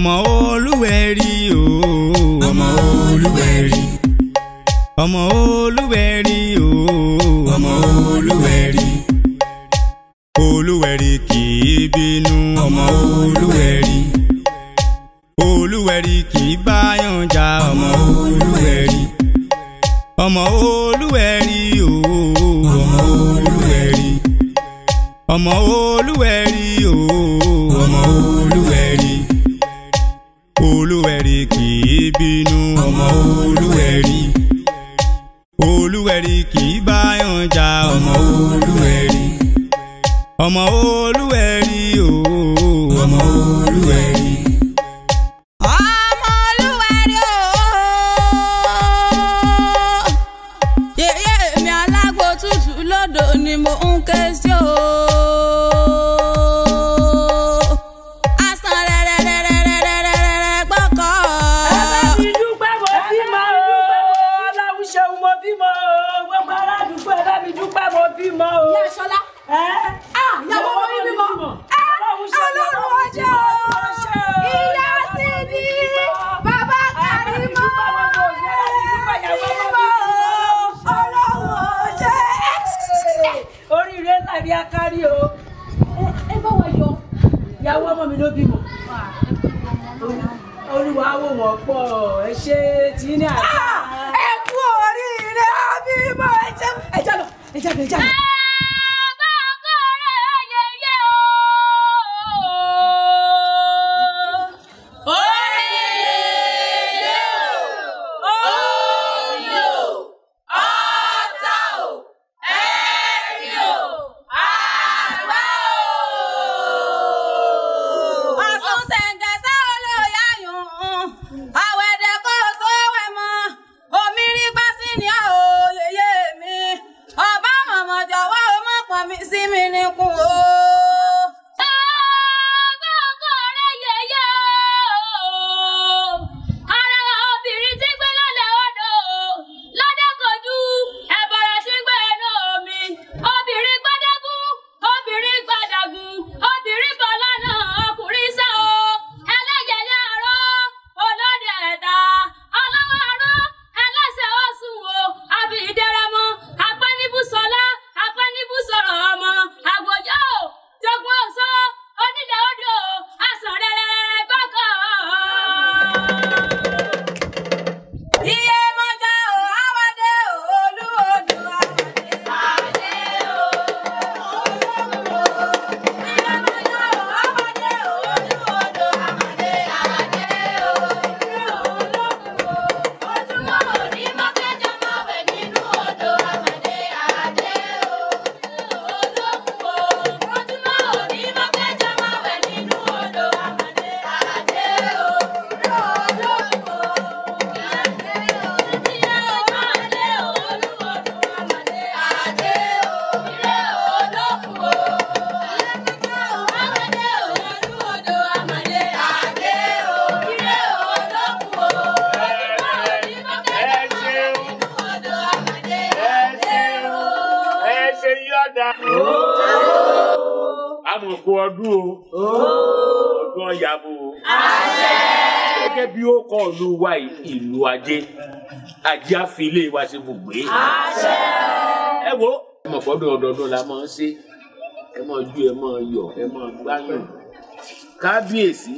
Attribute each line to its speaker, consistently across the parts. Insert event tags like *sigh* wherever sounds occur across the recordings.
Speaker 1: ọmọ
Speaker 2: olúwẹ̀rí o ọmọ olúwẹ̀rí ọmọ olúwẹ̀rí.
Speaker 3: ilé wa ṣe bùgbé. àṣẹ. ẹ wo ẹ mọ̀ gbọ́dọ̀ ọdọọdún la máa ń ṣe ẹ máa ju ẹ máa yọ ẹ máa gbáyàn kábíyèsí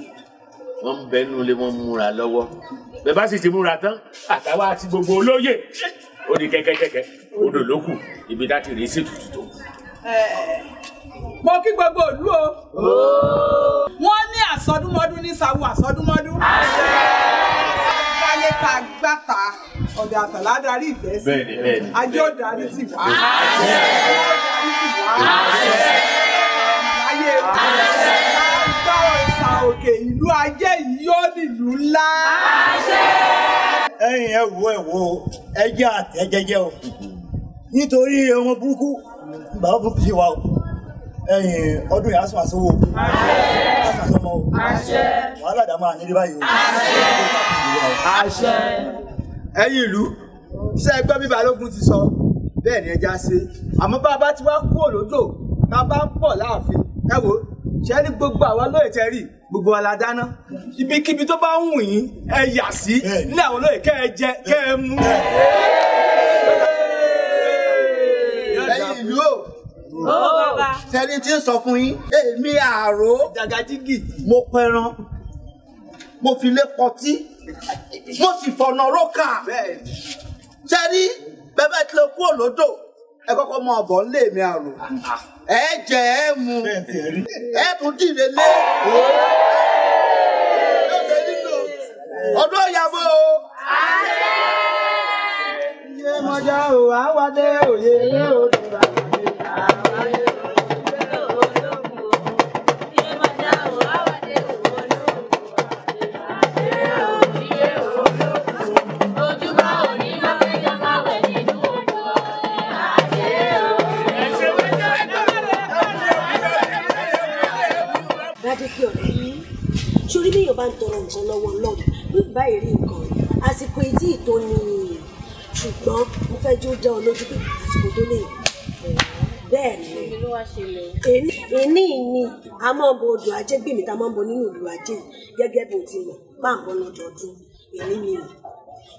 Speaker 3: wọn ń bẹnu lé wọn múra lọ́wọ́ bẹ́ẹ̀ sì ti múra tán àtàwọn àti gbogbo olóyè ó di kẹ́kẹ́kẹ́kẹ́ odò ló ibi láti rèé sí tutù tó.
Speaker 4: mo kí gbogbo ìlú o. wọ́n ní àsọdúnmọ́dún ní sawu àsọdúnmọ́dún.
Speaker 5: àṣẹ aráyé tá a
Speaker 6: gbàtà ọ̀dẹ̀ àtàlà darí ìfẹ́ sí ajé ó darí wá ayé gbá ọ̀sà òkè ìlú ajé yìí ó ńlá. ẹ̀yin ẹ wo ẹ wo ẹjẹ àtẹjẹjẹ o nítorí ohun burúkú bàbá burúkú ti wà o ẹ̀yìn ọdún yìí aṣọ àṣọwò
Speaker 7: aṣọ àṣọmọ
Speaker 6: wàhálà dàmú àníní báyìí o. àṣẹ ìlú ṣé ẹgbẹ́ mi balógun ti sọ bẹ́ẹ̀ ni ẹja ṣe àmọ́ bá a bá ti wá kú òlódò tá a bá ń pọ̀ láàfin ẹ wò ṣe ní gbogbo àwa lóye tẹ rí gbogbo wa dáná ibikíbi tó bá ń wù yín ẹ yà sí ní àwọn olóye kẹ ẹ jẹ kẹ ẹ mú.
Speaker 7: ẹ̀yin ìlú o. Oh, sẹ́ni tí
Speaker 6: ń sọ fún yín èmi àrò jàgàjìgì mo pẹran mo fi lé pọtí mo sì fọ̀nà rókà sẹ́ni bẹ́ẹ̀ tí lè kú òlódò ẹ kọ́kọ́ mọ ọ̀bọ̀ ńlé mi àrò ẹ jẹ ẹ
Speaker 7: mu ẹ
Speaker 4: tún dìde lé
Speaker 7: ọdún ọ̀yàbọ̀ o. Iye mọ̀já o, àwàdé òye lé
Speaker 8: òdùrà. bá ń tọrọ nǹkan lọ́wọ́ lọ́dún bí báyìí rí nǹkan àsìkò etí ìtò ni ṣùgbọ́n mo fẹ́ jó dá ọ lójú pé àsìkò tó lè bẹ́ẹ̀ ni èní ni a máa bọ odò ajé gbèmí tá máa ń bọ nínú ìlú ajé gẹ́gẹ́ bó ti mọ̀ páàpọ̀ lọ́dọọdún èní ni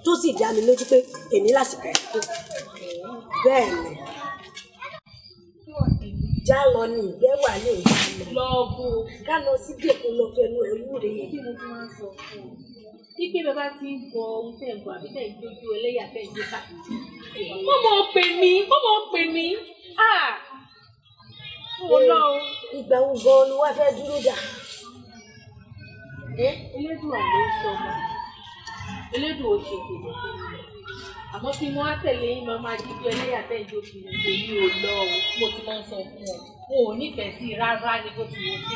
Speaker 8: tó sì dá mi lójú pé èní lásìkò ẹ̀
Speaker 7: tó bẹ́ẹ̀ ni
Speaker 8: ìjà lọ ní ìgbẹ́wà ní ìjà lọ bú ká lọ sí dèkó lọ fẹnu ẹ wúre. kí mo fi máa ń sọ fún ọ wípé bàbá ti ń bọ ohun tẹ̀ ń bọ àbí tẹ̀ ń dojú ẹlẹ́yà tẹ̀ ń gbé káàkiri. mo mọ̀ ọ́ pè mí mo mọ̀ ọ́ pè mí mo lọ o. ìgbà wo gan-an ni wàá fẹ́ dúró dà? elédùn àlọ́ sọ elédùn ò ṣètò àmọ́ kí wọ́n á tẹ̀lé yín máa máa jíjú ẹlẹ́yà bẹ́ẹ̀ yóò fi wọ́n mo ti máa ń sọ fún ọ mo ò nífẹ̀ẹ́ sí rárá ni bó ti wọ́n pé.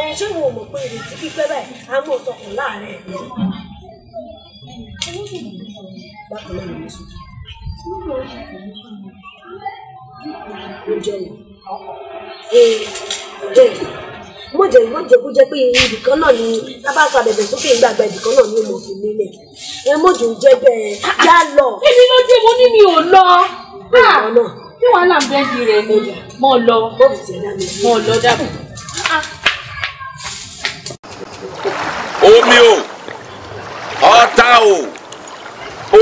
Speaker 8: ẹ ṣé wọn ò mọ̀ pé ìrètí pípẹ́ báyìí á mọ̀ sọkùn láàárẹ̀ ẹ̀ bákan náà ló ń sọ. ó jẹ́ mi mo jẹ ìwọ jẹ kó jẹ pé ibì kan náà ni tábà sọ abẹ̀bẹ̀ sókè gbàgbà ibì kan náà ni mo fi nílẹ̀ ẹ mo jù ú jẹ bẹ́ẹ̀ yá lọ. èmi ló dé mo ní mi ò lọ ah! kí wàhálà ń bẹ́ẹ̀ di rẹ̀ mo lọ mo lọ dàbọ̀. Ah!
Speaker 9: omi o ọ̀tá o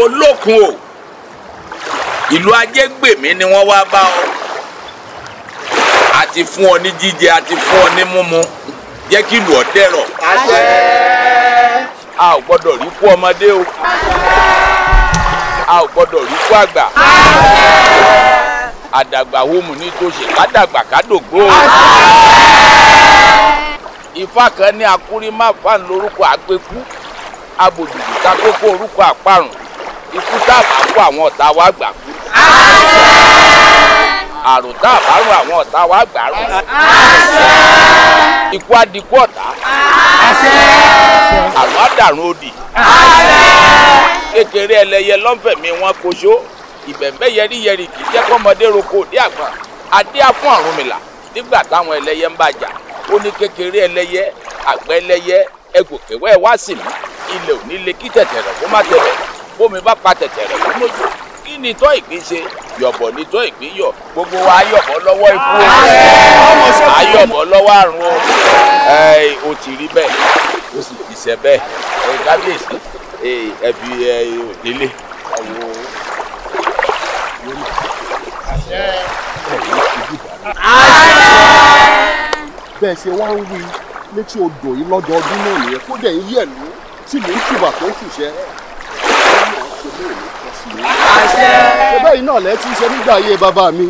Speaker 9: olókun o ìlú ajégbèmí ni wọ́n wá bá ọ a ti fún ọ ní jíjẹ a ti fún ọ ní mímu jẹ́ kí ìlú ọ̀tẹ̀ rọ̀. àṣẹ. a ò gbọ́dọ̀ rí kú ọmọdé o. àṣẹ. a ò gbọ́dọ̀ rí kú àgbà. àṣẹ àdàgbà wòmù ní tòṣì kádàgbà kádògbò. ifá kan ní akúrí má fàn lórúkọ àgbẹkú abòdìdì takókó orúkọ àparùn ikú táàbà kó àwọn ọ̀tá wa gbà kú àrùn tá a bá rùn àwọn ọ̀tá wa gbà rùn. ikú adikú ọ̀tá. àrùn àdàrùn òdì. kékeré ẹlẹ́yẹ lọ́nfẹ̀mí wọn koṣó ìbẹ̀m̀bẹ̀ yẹríyẹrí kì í jẹ́ kọ́mọdé roko òdì àgbà adé afún Ọ̀rúnmìlà nígbà táwọn ẹlẹ́yẹ ń bàjà ó ní kékeré ẹlẹ́yẹ àgbẹ̀ ẹlẹ́yẹ ẹgòkèwẹ́ wá sí mi ilẹ̀ ò ní le kí tẹ̀tẹ̀rẹ̀ kó má tẹ̀lẹ̀ bómi bá pa tẹ̀tẹ̀rẹ̀ kó mójú kí ni tọ́ ìpín ṣe yọ̀bọ̀ ni tọ́ ìpín yọ̀ gbogbo wa ayọ̀bọ̀ lọ́wọ́ ikú o ayọ̀bọ̀ lọ́wọ́ àrùn o o ti rí bẹ́ẹ̀ o sì ti ṣe bẹ́ẹ̀ kábíyèsí ẹbí òdélé.
Speaker 10: bẹ́ẹ̀ ṣe wá ń wí létí odò yìí lọ́dọọdún náà nìyẹn kó dẹ̀ yẹ̀lú tí mò ń tùbà tó ń tùṣẹ́ àṣẹ. ẹgbẹ́ yìí náà lẹ́ ṣe nígbà ayé bàbá mi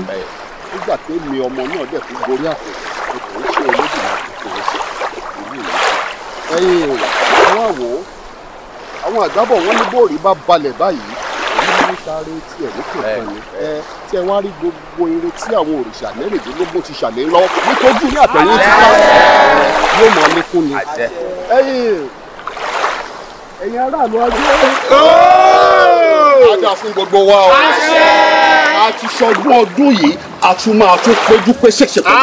Speaker 10: nígbà pé mi ọmọ náà dẹ̀ kó gorí àpò ẹ̀kọ́ ṣe olóògùn àkókò ẹ̀ṣẹ̀ ẹ̀yìn àwọn àwò àwọn àgbábọ̀ wọn ní bóòrí bá balẹ̀ báyìí èyí ló ń sáré tí ẹ̀ ló kàn kàn yín ẹ tí ẹ wá rí gbogbo eré tí àwọn òrìṣà mẹ́rìndínlógún ti ṣàlẹ́ lọ nítorí ní àtẹ̀yìn ti ká yóò mọ̀ ní kún ni ẹ̀yìn ẹ̀yìn aráàlú ajé dáadáa fún gbogbo wa o. a ti ṣọdún ọdún yìí a tún máa tún péjú pé ṣèṣe pẹ̀lú.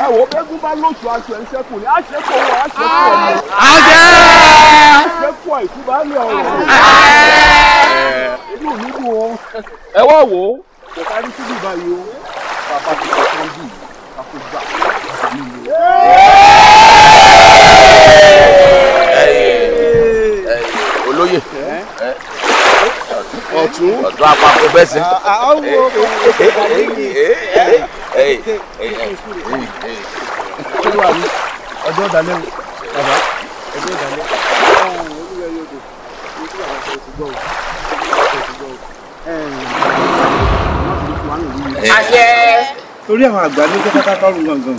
Speaker 10: ẹ wo
Speaker 6: bẹ́gùn bá lóṣù aṣọ ẹ̀ ń ṣẹ́kù ni aṣẹ́kù owó aṣẹ́kù ọ̀nà. aṣẹ́kù àìkú bá lè ọ̀rọ̀. inú mi dùn o. ẹ wá wo kò kárí síbi báyìí o bàbá
Speaker 10: ti sọ fún bí i àpò gbà
Speaker 9: ọ̀tún ọ̀tún àpapọ̀ bẹ́ẹ̀ sí.
Speaker 7: ọjọ́ ìdálẹ́ o bàbá
Speaker 3: ọjọ́ ìdálẹ́
Speaker 11: àṣẹ.
Speaker 6: torí àwọn àgbà ní kẹ́kẹ́ ká kọ́rùn gangan.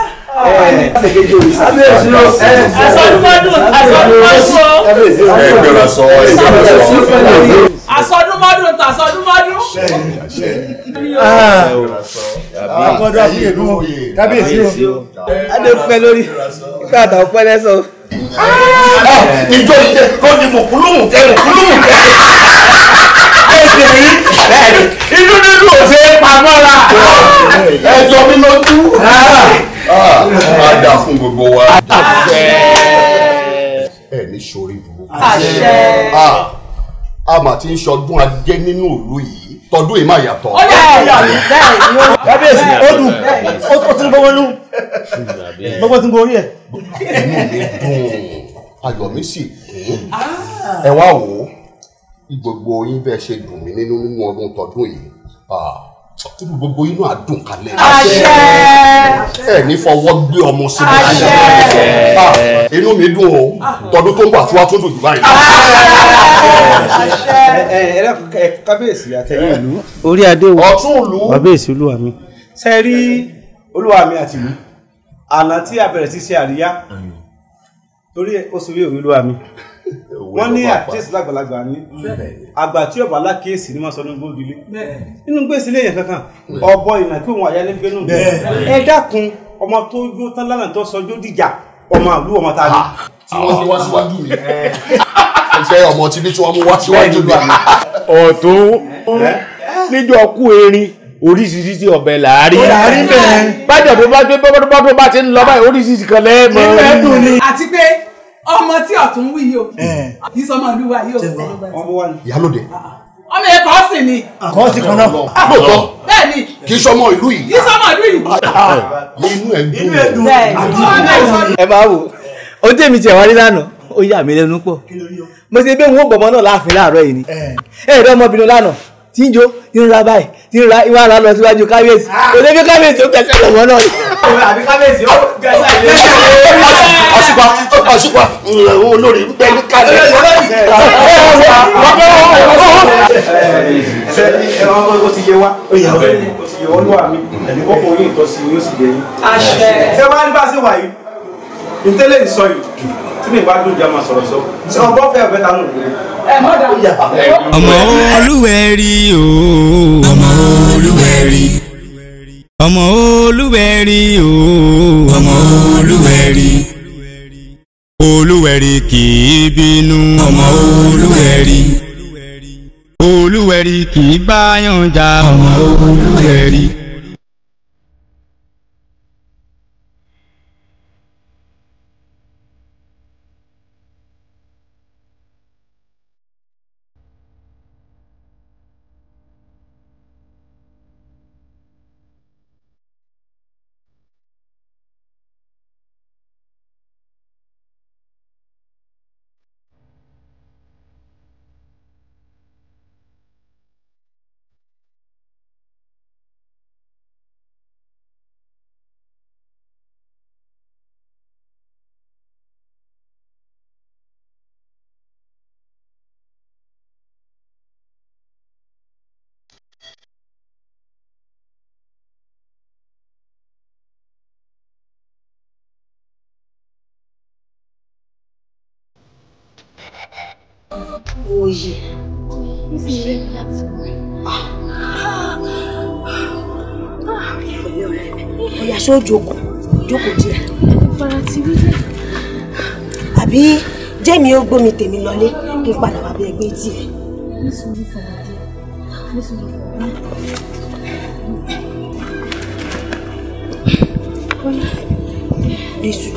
Speaker 4: asọdúnmọdún tasọdúnmọdún.
Speaker 7: àbọ̀dọ̀ àbíyèdú kábíyèsí o adépẹ́ lórí
Speaker 4: pé àtàwọn pẹ́ lẹ́sọ̀.
Speaker 7: ìjọ ìjẹ kọ́ni mọ̀kúlùmù tẹ
Speaker 4: mọ̀kúlùmù tẹ bẹ́ẹ̀ni inú dídùn ò ṣe é
Speaker 5: pamọ́ra. ẹ jọ mi lójú.
Speaker 10: a dà fún gbogbo wa. ẹ ní sori dùn. a mà ti ń ṣọdún ajé nínú ìlú yìí tọdún yìí máa yàtọ̀. ó yà ó yà kábíyèsí ó dùn ó tún gbogbo inú gbogbo tún gbogbo orí ẹ. inú mi dùn ayọ̀ mi sì kún ẹ wá wò ó bí gbogbo yín bẹ́ẹ̀ ṣe dùn mí nínú nínú ọdún tọdún yìí tíbi gbogbo inú àdùn kalẹ̀. àṣẹ. ẹ ní fọwọ́ gbé ọmọ síbi. àṣẹ. inú mi dùn o tọdún tó ń bọ̀ àtiwá tó dùn jù báyìí.
Speaker 6: àṣẹ. ẹ ẹ ẹ kábíyèsí àtẹ̀yìn ìlú. orí adé wo ọ̀tún ìlú kábíyèsí olúwa mi. ṣe rí olúwa mi àti mi àná tí a bẹ̀rẹ̀ sí ṣe àríyá torí oṣù yìí olúwa mi wọ́n ní àkíyèsí lágbàlagbà ní àgbà tí ọba alákíyèsí ni wọ́n sọ ní gbódìlé nínú gbèsè ilé yẹn kankan ọbọ ìnà kí òun àyálé gbénú ẹ dákun ọmọ tó jó tán lánàá tó sọjó dìjà ọmọ àlú ọmọ tá a ní. tí wọ́n ti wá síwájú mi ìfẹ́ *laughs* ọmọ tí bí
Speaker 10: tí
Speaker 3: wọ́n mú wá síwájú mi. ọ̀tún níjọ kú erin oríṣiríṣi ọbẹ̀ o làárí bẹ́ẹ̀. bájọ̀ tó bá tó bá tó bá ti ń lọ báyìí oríṣiríṣi kan
Speaker 10: lẹ́ẹ̀mọ́. ìfẹ́ dùn ni.
Speaker 4: àti pé ọmọ tí ọ̀tún wí yìí o kì í sọmọ olúwa yìí o ìyálòdè ọmọ yẹn ah, ah. kọ́ sí ni. Ah,
Speaker 10: kọ́ sí kan náà lóòótọ́
Speaker 4: bẹ́ẹ̀ ni
Speaker 12: kì í sọmọ ìlú yìí. kì í sọmọ ìlú yìí. inú ẹ̀ dùn inú ẹ̀ dùn ẹ máa wò ó tẹ̀mí tiẹ̀ wá rí lánàá ó yà mí lẹ́nu pọ̀ mo ṣe bí òun ó bọ̀mọ́ náà
Speaker 4: láàfin láàárọ̀ yìí ni ẹ̀ẹ́dẹ́ ọmọbìnrin lánàá tí ń jó tí ń ra báyìí tí ń ra ìwà ara lọ síwájú kábíyèsí òde bí kábíyèsí ó gbẹ̀sẹ̀ lọ́wọ́ náà. àbí kábíyèsí ó
Speaker 7: gbẹ̀sẹ̀
Speaker 6: lé ọ̀ṣùpá ọ̀ṣùpá olórí ń bẹ ní kálẹ̀. ẹ̀rọ ìsọ yìí tí mi bá dùn jàmà sọ̀rọ̀ sọ ṣé wọn fẹ́ ọ̀bẹ ló dé.
Speaker 7: ọmọ
Speaker 2: olúwẹ̀rí ooo ọmọ olúwẹ̀rí ọmọ olúwẹ̀rí ooo ọmọ olúwẹ̀rí kì í bínú. ọmọ olúwẹ̀rí. olúwẹ̀rí kì í báyàn jà. ọmọ olúwẹ̀rí.
Speaker 8: ṣó jókòó jókòó díẹ̀. ìfara ti rí dẹ́. àbí jẹ́mi ó gbómi tèmi lọlé kí n padà wá bí ẹgbẹ́ tiẹ̀. nítorí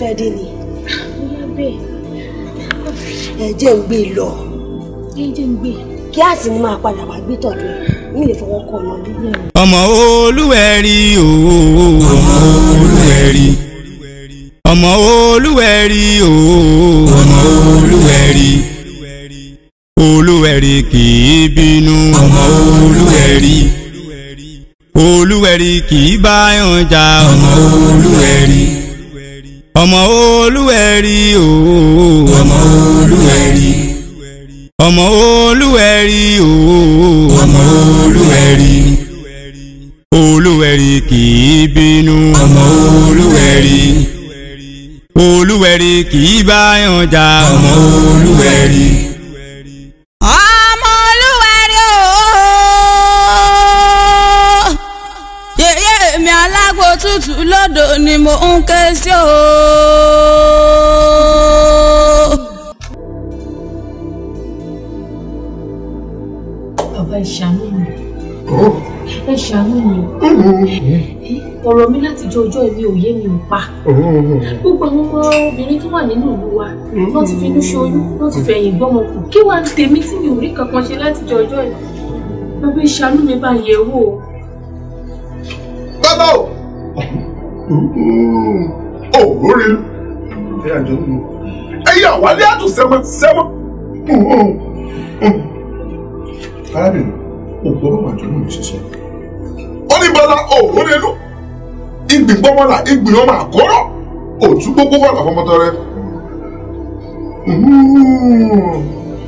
Speaker 8: fẹ́ dé ni. ẹ jẹ́ ń gbé e lọ. ẹ jẹ́ ń gbé. E. kí a sì ní máa padà wá gbé tọ̀dọ̀ ẹ̀ ní ilé ìfọwọ́kọ ọ̀nà ọmọ
Speaker 2: olúwẹ̀rí ooo ọmọ olúwẹ̀rí ọmọ olúwẹ̀rí ooo ọmọ olúwẹ̀rí olúwẹ̀rí kì í bínú ọmọ olúwẹ̀rí olúwẹ̀rí kì í báyọ̀ jà ọmọ olúwẹ̀rí. ọmọ olúwẹ̀rí ooo ọmọ olúwẹ̀rí ọmọ olúwẹ̀rí ooo ọmọ olúwẹ̀rí olúwẹ̀rí kì í bínú ọmọ olúwẹ̀rí olúwẹ̀rí kì í báyàn ọmọ olúwẹ̀rí.
Speaker 8: pa
Speaker 7: gbogbo
Speaker 8: àwọn ọmọ obìnrin tó wà nínú ìlú wa mm-hmm. wọ́n ti finú ṣoyún wọ́n ti fẹ̀yìn gbọ́mọ kù kí wàá tèmi tí mi ò rí kankan ṣe láti jọ ọjọ́ yìí bàbá ìṣàánú mi bá yẹ̀ wò.
Speaker 13: bàbá o ò mm-hmm. oh, lórí ẹyẹ àwálé àtún sẹmọ sẹmọ arábìnrin ò gbọ́dọ̀ màjọ náà ṣe sọ ó ní bọ́lá ò lórí igbì gbọ́mọ́là igbì ọmọ àkọ́rọ́ òtú gbogbo kọ́là fọmọtọ rẹ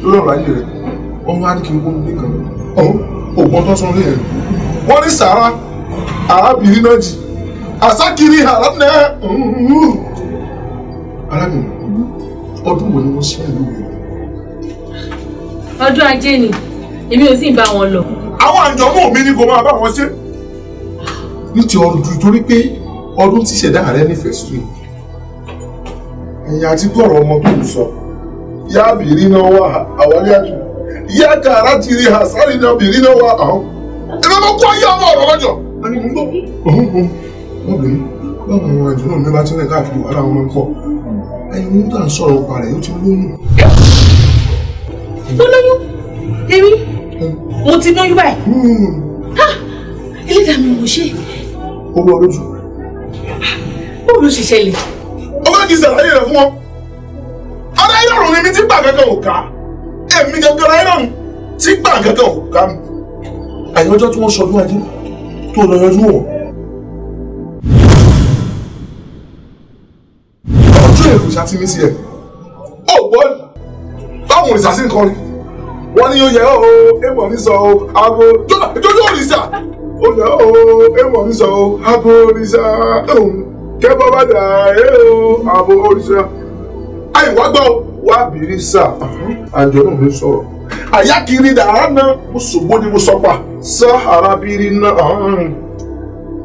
Speaker 13: lórí ọ̀rọ̀ ayé rẹ ọmọ anìkì owó nìkan ògbọ́n tó sanwó yẹn wọ́n ní sàrà arábìnrin náà jì àsákiri àránà arábìnrin ọdún wo ni wọ́n ṣe ìlú rẹ. ọdún ajé ni èmi ò sì bá wọn lọ. àwọn àjọmọ́ mi ni kò máa bá wọn ṣe ní ti ọdún ju torí pé ọdún tí ìṣẹ̀dá rẹ nífẹ̀ẹ́ sí ni ẹ̀yìn àti gbọ́rọ̀ ọmọ tó ń sọ yá bìrì náà wà àwárí àjò yá kàrá ti rí àsáré náà bìrì náà wà àwọn ẹ̀rọ ló kọ́ yá ọmọ ọ̀rọ̀ lọ́jọ́. ọ̀hún báwo àwọn àjò náà mẹ́bàá tí wọ́n káàkiri wàhálà wọn máa ń pọ̀ ẹ̀yin ń tà sọ̀rọ̀ ọ̀pá rẹ̀ ti lóyún.
Speaker 4: ó lóyún èmi mo ti lóyún báyìí. Hmm. ẹlẹ́dàá mi ò ṣe é
Speaker 13: owó olóṣù. bó ló ṣe ṣẹlẹ̀. ọmọ kì í ṣàlàyé rẹ̀ fún wọn. ara ìrọ̀rùn mi ti gbà kankan ò ká èmi gangan ara ìrọ̀rùn ti gbà kankan ò ká mi. àyọjọ́ tí wọ́n sọdún ajé tó lọ yanjú wọn. ojú èrò ṣáti mí sí ẹ ó gbọ́ báwọn òrìṣà sí nǹkan ni wọ́n ní yóò yẹ ọ́ o èèmọ̀ ní sọ o aago jọjọ́ òrìṣà ó dà ó èèwọ̀ ń sọ abo òrìṣà òun kẹ́bọ́ bá dà é o abo òrìṣà àì wá gbọ́ wá bìrì sà àjọyọ̀ ló ń sọ̀rọ̀ àyà kiri dàrá náà mo sògbó ni mo sọ pa sá arábìrì náà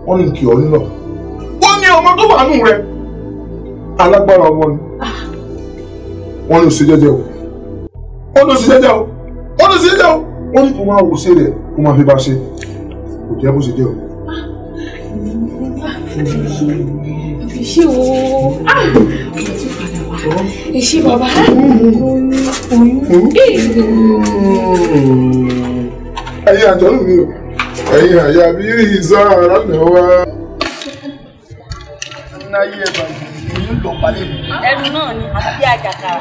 Speaker 13: wọ́n ní kì ọ́ nílọ. wọ́n ní ọmọ tó wà nù rẹ alágbára ọmọ ni wọ́n ní òṣèjẹ́jẹ́ o wọ́n ní òṣèjẹ́jẹ́ o wọ́n ní òṣèjẹ́jẹ́ o wọ́n ní kò máa wò ṣe rẹ̀ kò máa fi bá ṣe kò jẹ́ bó ṣe jẹ́ o.
Speaker 8: ẹ ṣé o ah! ọ̀rọ̀ tún
Speaker 7: bàbá oyún
Speaker 8: hmm.
Speaker 13: hmm. àjọlù mi o ẹ̀yin àyà mi rí ìzá ara nà wá.
Speaker 10: náyé ẹ̀ bàjẹ́ ìlú lọ pàdé.
Speaker 8: ẹnu náà ni àbí àjàkà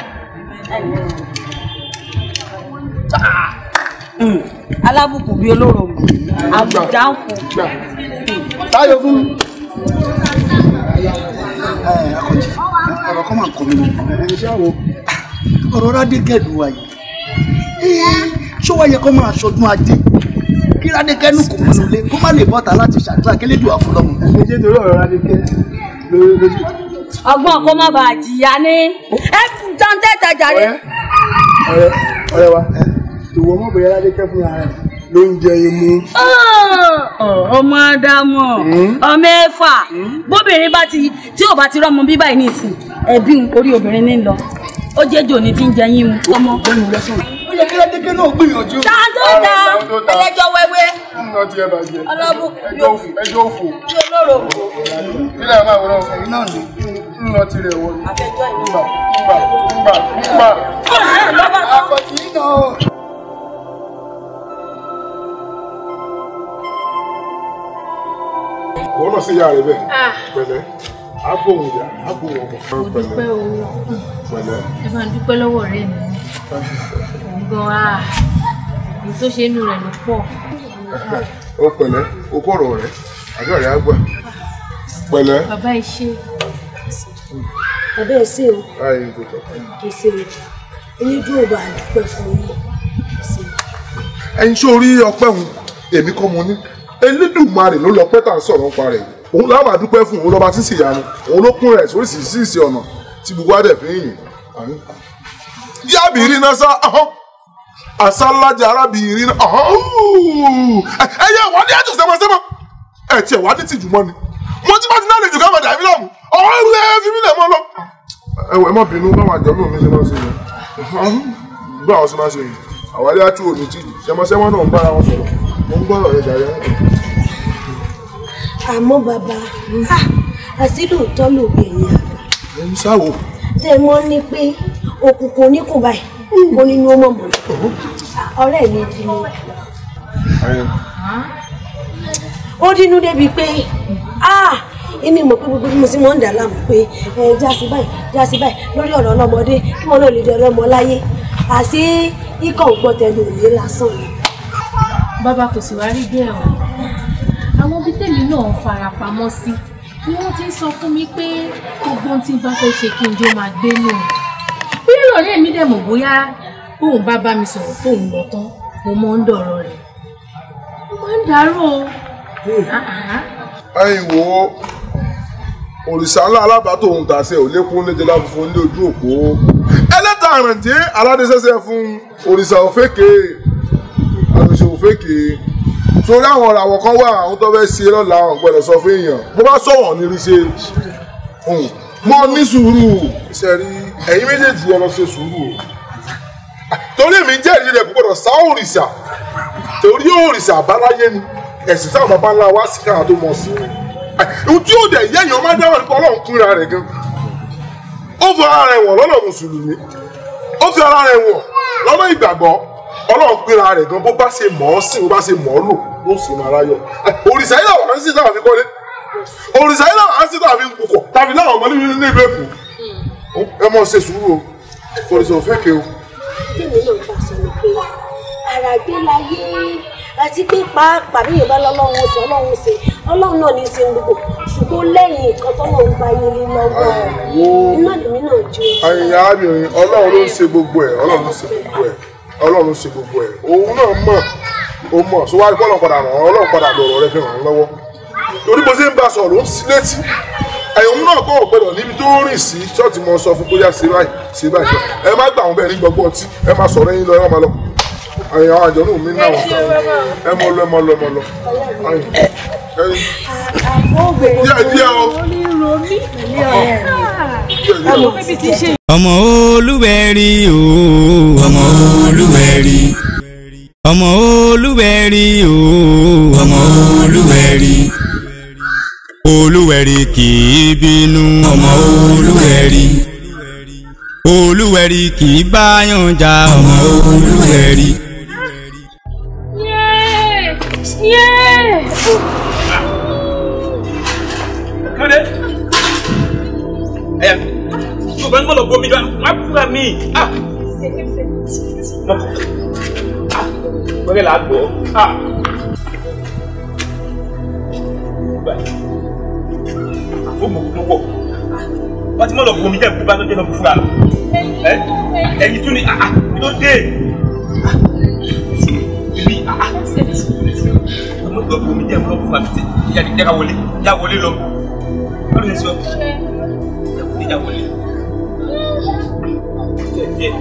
Speaker 4: hmm alábùkún bíi olóròmù àbùdáǹfù. táyọ̀ fún mi.
Speaker 13: akọ̀jì ọ̀rọ̀ kọ́
Speaker 10: máa
Speaker 4: kọ́ mi nù. ọ̀rọ̀ rádìgẹ́dù wa yìí ṣó wá yẹ kó máa ṣọdún ajé kí rádìgẹ́ nù kò mọ̀nà lé kó má lè bọ́ta láti ṣàdúrà
Speaker 10: kí lè dùn àfọlọ́mù. ẹ ṣe torí ọ̀rọ̀ rádìgẹ́
Speaker 14: lórí
Speaker 8: ọgbọ́n kó má bàa jìyà
Speaker 14: ní ẹ tán tẹ́tà jàre.
Speaker 10: ọ̀rẹ́ ọ̀rẹ́ wa ìwọ
Speaker 4: mọ̀ bóyá Ládékẹ́ fúnra rẹ̀ ló ń jẹ imú. Oh, oh, ọmọ Ádámù hmm? ọmọ ẹ̀fà hmm? bóbìnrin bá ti tí ò bá ti rọ́mọ bí báyìí nìsín ẹ̀bí
Speaker 8: orí obìnrin ní lọ ó jẹ́ jò ní ti ń jẹ yín mu ọmọ. ó yẹ kí Ládékẹ́ náà gbìyànjú. ṣáájú ta ẹlẹ́jọ́ wẹ́wẹ́. nínú ọtí ẹ bàjẹ́ ẹjọ́
Speaker 10: òfò ẹjọ́ olóró. kí lè máa wọ́n ọ̀fẹ́ iná ni nínú ọtí rẹ̀ wọ́n. àfẹjọ́
Speaker 7: ìlú. ngbà ngbà ngbà. akọ̀tì iná o.
Speaker 13: wọn náà sì yá rẹ bẹ́ẹ̀ ah. pẹ̀lẹ́ àbòhùn yá àbòhùn ọmọ. mo dúpẹ́ o
Speaker 8: pẹ̀lẹ́ ẹ máa dúpẹ́ lọ́wọ́ rẹ mi òun gan-an ah, èyí tó ṣe inú rẹ̀ ló pọ̀.
Speaker 13: ó pẹ̀lẹ́ o kọ̀ ọ̀rọ̀ rẹ àdúrà rẹ á gbà pẹ̀lẹ́.
Speaker 8: bàbá ẹ ṣe bàbá ẹ ṣe o ẹ ṣe o onídùúró bá a dúpẹ́ fún yín.
Speaker 13: ẹ̀yin sórí ọpẹ́ òun èmi kọ́ mo ní elédùnmarè ló lọ pẹ́ tà ń sọ̀rọ̀ nípa rẹ̀ òun láwọn àdúpẹ́ fún òun lọ́ba tí sì yanu òun ló kún rẹ̀ sóríṣiríṣi ọ̀nà tí gbogbo adẹ̀ fi ń yìn. yábì rí náà sá àsálájà arábìnrin náà ẹ yẹ ìwádìí ẹjọ sẹmọsẹmọ ẹ tiẹ̀ wá ní tìjú mọ́ ni mo ti bá ti náà lè jù ká máa dàbí lọ́mù ọ̀rọ̀ ẹ fi mí lẹ̀ mọ́ lọ. ẹ wọ ẹ má bínú báwọn àjọ náà mi ṣe máa ṣe yẹn báwọn ṣe máa ṣe yẹn àwọn ilé àti òní ti. sẹmọsẹmọ náà ń bára wọn sọ̀rọ̀ mo ń gbọ́rọ̀ rẹ jàre.
Speaker 8: àmọ́ bàbá ah, àti lóòótọ́ lòwe ẹ̀yìn àgbà. ẹ ń sáwò. tẹ mọ ni pé òkùnkùn oníkùn báyìí kò ní ní ó mọ̀ mọ́ ah, ọ̀rẹ́ mi di ni. ó dínú débi pé ah, èmi mọ̀ pé gbogbo bí mo sì mọ̀ ń dà láàmú pé ẹ eh, jásí báyìí jásí báyìí lórí ọ̀rọ̀ ọlọ́mọdé kí mo náà lè di ọlọ́mọ láyé àti ikọ̀ ò gbọ́ tẹnu òye lásán ni. bàbá kò sì wá rí bẹ́ẹ̀ o àwọn ibi tèmi náà fara pamọ́ sí ni wọ́n ti ń sọ fún mi pé gbogbo ohun tí n bá fẹ́ ṣe kí n jó máa gbé náà bí ìrọ̀lẹ́ mi dẹ̀ mọ̀ bóyá bóun bá bá mi sọ̀rọ̀ tóun lọ tán mo mọ́ ń dọ̀rọ̀ rẹ̀ mo máa ń dárò o.
Speaker 13: ẹ̀yin wo òrìṣà ńlá alábàá tóun tàṣẹ ò lékún níjọba funfun ní ojú òpó àràǹjẹ́ aládẹ́sẹ́sẹ́ fún òrìṣà òfèkè àtúnṣe òfèkè torí àwọn ọ̀ràwọ̀ kan wà àwọn tó fẹ́ ṣe lọ́la ọ̀gbọ́dọ̀ sọ fún èèyàn bó bá sọ̀wọ̀n ní rí ṣe mọ́ ní sùúrù sẹ́rí ẹ̀yin méjèèjì ẹ lọ ṣe sùúrù o torí èmi jẹ́rìí rẹ̀ gbọ́dọ̀ sá òrìṣà torí òrìṣà àbáláyé ni ẹ̀sìn táwọn bàbá ńlá wa sí káà tó mọ̀ sí i ohun tí yóò dẹ̀ yẹ́yìn ọmọdé wọn ni kọ́ ọlọ́run kúnra rẹ̀ gan ó fọ ara rẹ̀ wọ̀ lọ́nà mùsùlùmí ó fi ara rẹ̀ wọ̀ lọ́nà ìgbàgbọ́ ọlọ́run pínra rẹ̀ gan bó bá ṣe mọ̀ ọ́ sìn bó bá ṣe mọ̀ ọ́ lò ló sì máa ráyọ̀ òrìṣà yìí làwọn àǹsí táwọn fi kọ́lé òrìṣà yìí làwọn àǹsí táwọn fi kùkọ̀ tàbí láwọn ọmọ nínú ilé ìlú èkó ẹ mọ̀ ṣe sùúrù o òrìṣà ò fẹ́ ké o.
Speaker 8: bẹ́ẹ̀ni yóò fà sọ ni pé àràgbé láyé àti pé pàápàá bí yorùbá lọ́lọ́run ṣe ọlọ́run ṣe ọlọ́run náà ní í ṣe ń gbogbo ṣùgbọ́n lẹ́yìn nǹkan tọ́lọ̀ ń gba yẹn lọ́wọ́ iná lèmi náà jẹ́. àyìnlá
Speaker 13: abìnrin ọlọ́run ló ń ṣe gbogbo ẹ̀ ọlọ́run ló ń ṣe gbogbo ẹ̀ ọlọ́run ló ń ṣe gbogbo ẹ̀ òun náà mọ̀ ó mọ̀ sọ wá ọlọ́run padà ràn ọlọ́run padà lọ̀rọ̀ rẹ fi ràn án lọ́wọ́ torí bó ṣe ń bá a sọ̀rọ̀ ó ń sí létí ẹ̀hún náà kọ́ ọ̀gbẹ́dọ̀ níbi tó rìn sí ṣọ́ọ̀tì mọ́ sọ fún bóyá ṣe báyìí ṣe báyìí ẹ má gbà àwọn bẹ́ẹ̀ ní gbọ́gbọ́n tí ẹ má sọ̀rọ̀ yín lọ ẹ má lọ ayi àwọn àjọ náà mi náà wọ ẹ mọ lọ ẹ mọ lọ ẹ mọ lọ ayi ayi
Speaker 4: díẹ̀ díẹ̀ o
Speaker 2: ọmọ olúwẹ̀rí o ọmọ olúwẹ̀rí ọmọ olúwẹ̀rí o ọmọ olúwẹ̀rí olúwẹ̀rí kì í bínú ọmọ olúwẹ̀rí olúwẹ̀rí kì í báyàn jà ọmọ olúwẹ̀rí.
Speaker 5: Yeah!
Speaker 6: Lóde. Ẹ̀yà, yóò bá ń gbọ́dọ̀ bomi dá, wá fúra mi. Wẹ́rẹ́ ah! là á gbọ́. Ah! Àfọ̀mù kún pọ̀. Wọ́n ti mọ̀ lọ bomi jẹ́ ìbúba tó jẹ́ lọ
Speaker 3: fúra. Ẹyin tún ni, ah, kí ló dé? Ibi, àmọ́ ìgbà bomi jẹ́ ìmọ̀ fún àfitì ìyáàdì wọlé já wọlé lọ wọ́n lè sọ wọlé
Speaker 7: díẹ̀ díẹ̀.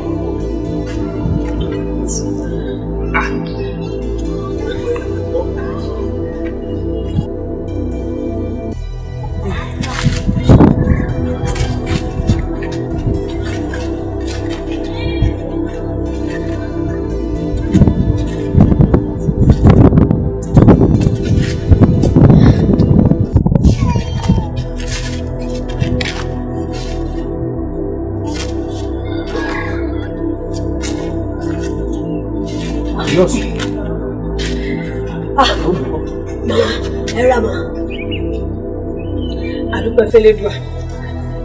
Speaker 8: s'Elédùà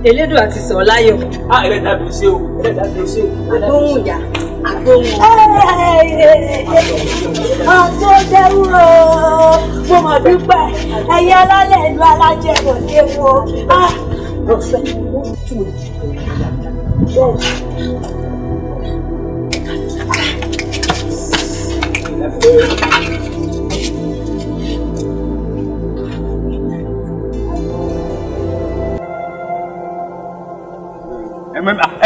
Speaker 8: Elédùà ti sọ̀ láyọ̀. a
Speaker 4: ẹlẹ́dàá mi ṣe o ẹlẹ́dàá mi ṣe o. agbóhùn
Speaker 7: ìyá agbóhùn.
Speaker 8: àtọ́jẹ́wúrò mo mọ̀ dúpẹ́ ẹ̀yẹ alálẹ̀ ìlú alájẹ kò ní epo. ọ̀fẹ́ ó tù mí.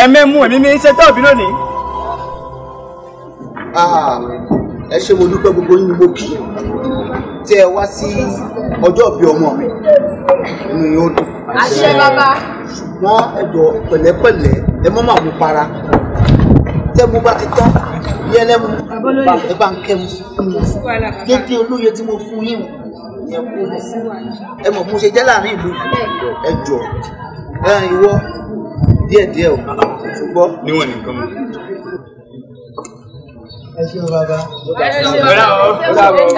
Speaker 2: ẹ̀mẹ́ mú ẹ̀mí mi ṣe tọ́ọ̀bì lónìí. Ah,
Speaker 10: ẹ ṣe mo dúpẹ́ gbogbo yín mo kí tí ẹ wá sí ọjọ́ ìbí ọmọ
Speaker 8: mi
Speaker 6: inú yóò dùn.
Speaker 7: àṣẹ bàbá.
Speaker 6: ṣùgbọ́n ẹ jọ̀ọ́ pẹ̀lẹ́pẹ̀lẹ́
Speaker 4: ẹ mọ́ màá mú para tẹ́mu bá ti tán yẹ lẹ́mu ẹ bá ń kẹ́mu kéde olóye tí mo fún yín ẹ mọ̀ mo ṣe jẹ́ láàrin ìlú ẹ jọ̀ọ́ ìwọ díẹ̀díẹ̀ o
Speaker 7: gbọ́. níwọ̀n nìkan mọ̀. ẹ ṣeun bàbá. ẹ ṣeun bàbá.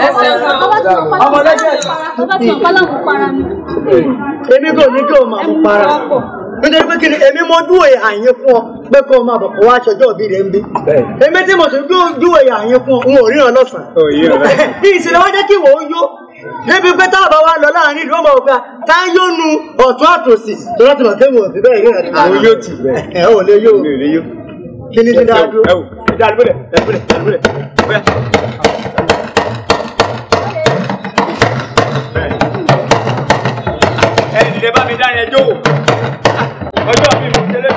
Speaker 7: ẹ ṣeun bàbá. ọmọ lọ́jọ́ ẹ̀. bàbá tí mo pa láwọn
Speaker 4: para mi. èmi kò ní kí o máa para. nítorí pé kí ni èmi mọ dúró ìhà yín fún ọ pé kó o máa bọ̀ kó wá aṣọ ọjọ́ òbí rẹ̀ ń bí. èmi tí mo sì ju ẹ̀yà yẹn fún un ò ríran lọ́sàn oh, *laughs* ìṣẹ̀lẹ̀ wọ́n jẹ́ kí wò yó débi pé tá bá wá lọ láàrin ìlú ọmọ ògbà tá a yóò nu ọ̀tún àtòsí tó láti mọ̀ pé mo fi bẹ́ẹ̀ rí ẹ̀ka. àwọn yóò
Speaker 7: tì bẹ́ẹ̀.
Speaker 6: *laughs* ẹ ò lè yó. mi ò lè yó. kí ni dídá dúró. ẹ wò ẹ dá dúró lẹ ẹ
Speaker 15: ẹ dúró bá mi dá yẹn wò ọjọ́ mi mo tẹ́lẹ̀.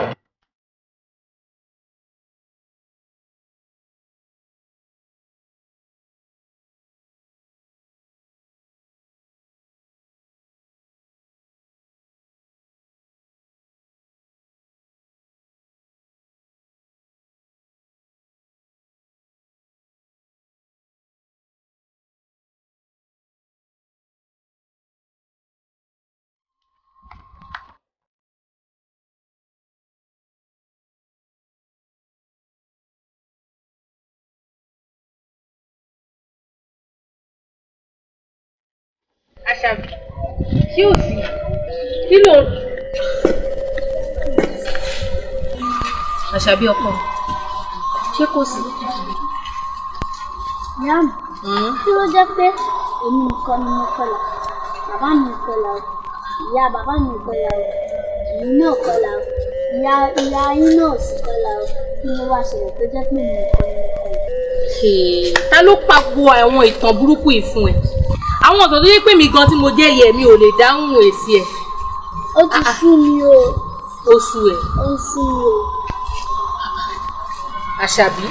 Speaker 15: Àṣàbí tí ò sí kí ló ń.
Speaker 14: Àṣàbí ọkọ
Speaker 8: ṣé kò sí. Yam hmm? kí ló jẹ́ pé èmi nìkan ni mo kọlà bàbá mi kọlà o ìyá bàbá mi kọlà o èmi náà kọlà o ìyá ìyá yín náà sì kọlà o kí ló wá ṣẹlẹ̀ tó jẹ́ pé mi nìkan ni mo kọlà. ta ló pa gbogbo àwọn ìtàn burúkú yìí fún ẹ àwọn ọ̀dọ́ tó yẹ pé mi gan tí mo jẹ́ yẹ mi ò lè dáhùn èsì ẹ̀. ó ti ah, ah. sú mi o. oṣù ẹ̀. ó ń sú mi o. àṣàbí.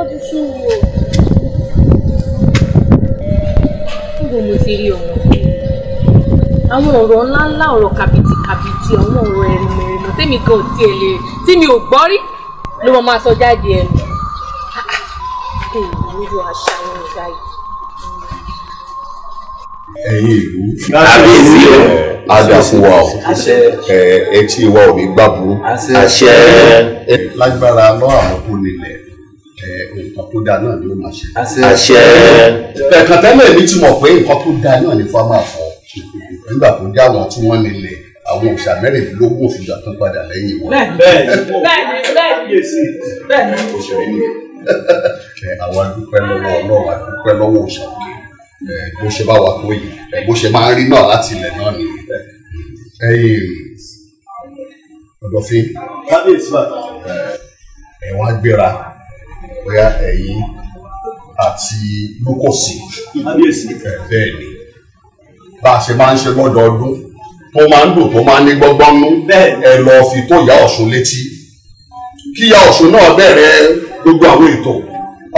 Speaker 8: ó ti sú mi o. níbo mo ti rí ọ̀wọ́n àwọn ọ̀rọ̀ ńláńlá ọ̀rọ̀ kàbìtìkàbìtì àwọn ọ̀rọ̀ ẹ̀rìmẹ̀rìmẹ̀ tẹ́mi gan ò tiẹ̀ lè tí mi ò gbọ́ rí ló máa sọ jáde ẹnu ojú àṣà yín báyìí.
Speaker 10: ẹ̀yin ìlú kábíyèsí ẹ àdàfún wa ọ etí wa ò ní gbàbúrú àṣẹ. lágbára lọ àwọn nílẹ̀ nǹkan tó dáa náà ni ó máa ṣe. àṣẹ. ẹ̀kan tẹ́lẹ̀ mi ti pé nǹkan tó dáa náà ni fáwọn máa nígbà tó dé àwọn tí wọ́n nílẹ̀ àwọn òòṣà mẹ́rìndínlógún òfin gbà tó padà lẹ́yìn wọn. bẹ́ẹ̀ni *laughs*
Speaker 4: bẹ́ẹ̀ni bẹ́ẹ̀ni bẹ́ẹ̀ni òṣèré nìyẹn
Speaker 10: ẹ àwa dúpẹ́ no no àdúpẹ́ lọ́wọ́ òṣàkè ẹ bó ṣe bá wa tó yìí ẹ bó ṣe máa rí náà láti ilẹ̀ náà nìyí ẹ̀yin ọ̀dọ̀fín kábíyèsí wa ẹ wọ́n á gbéra bóyá ẹ̀yin àti lókòsí
Speaker 7: kábíyèsí ẹ
Speaker 10: bẹ́ẹ̀ ni bá a ṣe máa ń ṣe lọ́dọọdún tó máa ń dùn tó máa ń ní gbọ́gbọ́n nú ẹ lọ́ọ́ fi tó ìyá ọ̀ṣun létí kí gbogbo àwọn ètò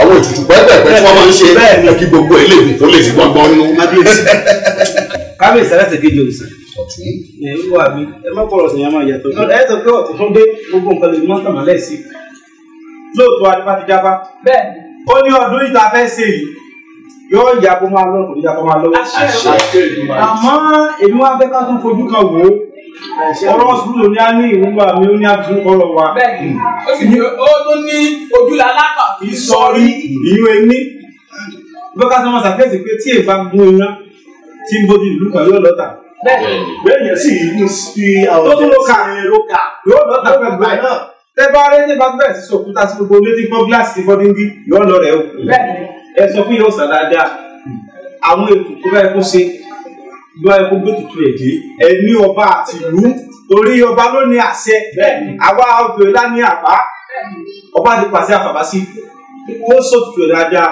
Speaker 10: àwọn ètùtù pẹ́ẹ́pẹ́ẹ́pẹ́ tí wọ́n máa ń ṣe ẹ kí gbogbo
Speaker 6: eléyìí tó lè sí gbọ́ngbọ́n nínú. kábíyèsí aláṣẹ kejì òrìṣà
Speaker 7: ń
Speaker 6: wà mí ẹ má kọ̀rọ̀ sìn yẹn máa yàtọ̀ ẹ tó pé ọ̀tún tó dé gbogbo nǹkan lè mọ́tàn máa lẹ̀ lóòótọ́ adúlá ti jábá bẹ́ẹ̀ ó ní ọdún yìí fẹ́ ṣe yìí yóò yà máa lọ kò ní yà máa lọ. àmọ́ èmi wá fẹ́ ká tún fojú kan wò ó ọ̀rọ̀ sùúrù ní a ní ìwúgbà mi ó ní àtúntò kọ́rọ̀ wa. bẹ́ẹ̀ni o sì ní ó tún ní
Speaker 4: ojúlá lápá
Speaker 6: kì í sọrí ìwé ní. bọ́ká tí wọ́n ṣàkíyèsí pé tí èèfà gún iná tí ń bójú ìlú kan yóò lọ́ta. bẹ́ẹ̀ni sì ń fi àwọn ọ̀dọ́ tó ló kà yóò lọ́ta pẹ̀lú ẹ̀ náà. tẹ́ bá rẹ́ nípa bẹ́ẹ̀ sí sòkúta sí gbogbo létí gbọ́ gíláàsì ti fọ́dún bí yóò lọ rẹ̀ o. ẹ sọ fún yóò sàn dáadáa àwọn ètò tó bá yẹ ìlú ẹkọ gbé tuntun èdè ẹni ọba àtìlú torí ọba ló ní àṣẹ àwa obìnrin lá ní àbá ọba ti pàṣẹ àfàbà sí ó sọ tuntun èdè ajá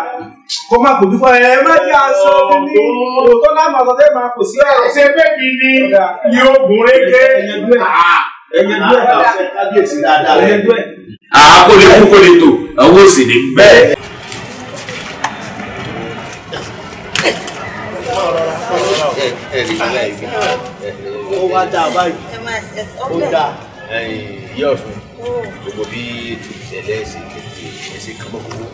Speaker 6: kọ máa kò dúpọ ẹ má jẹ aṣọ mi ní òótọ́ láàmú àtọ́tẹ́ máa kò sí ọ̀rọ̀. ṣé bẹ́ẹ̀ni ni yóò gùn régé ẹ̀yẹ dúẹ̀ ah. ẹ̀yẹ dúẹ̀ ẹ̀yẹ dúẹ̀.
Speaker 3: àá ah, kò lè kú kò lè tò àwọn òsì ní bẹ́ẹ̀. rí sílẹ̀ yìí.
Speaker 4: ó wá dáa báyìí
Speaker 8: ó dáa.
Speaker 3: ìyá ọ̀fun gbogbo bí ètò ìṣẹ̀lẹ̀ ẹ̀sìn kẹ̀kẹ́ ẹ̀sìn kan mọ̀kòwò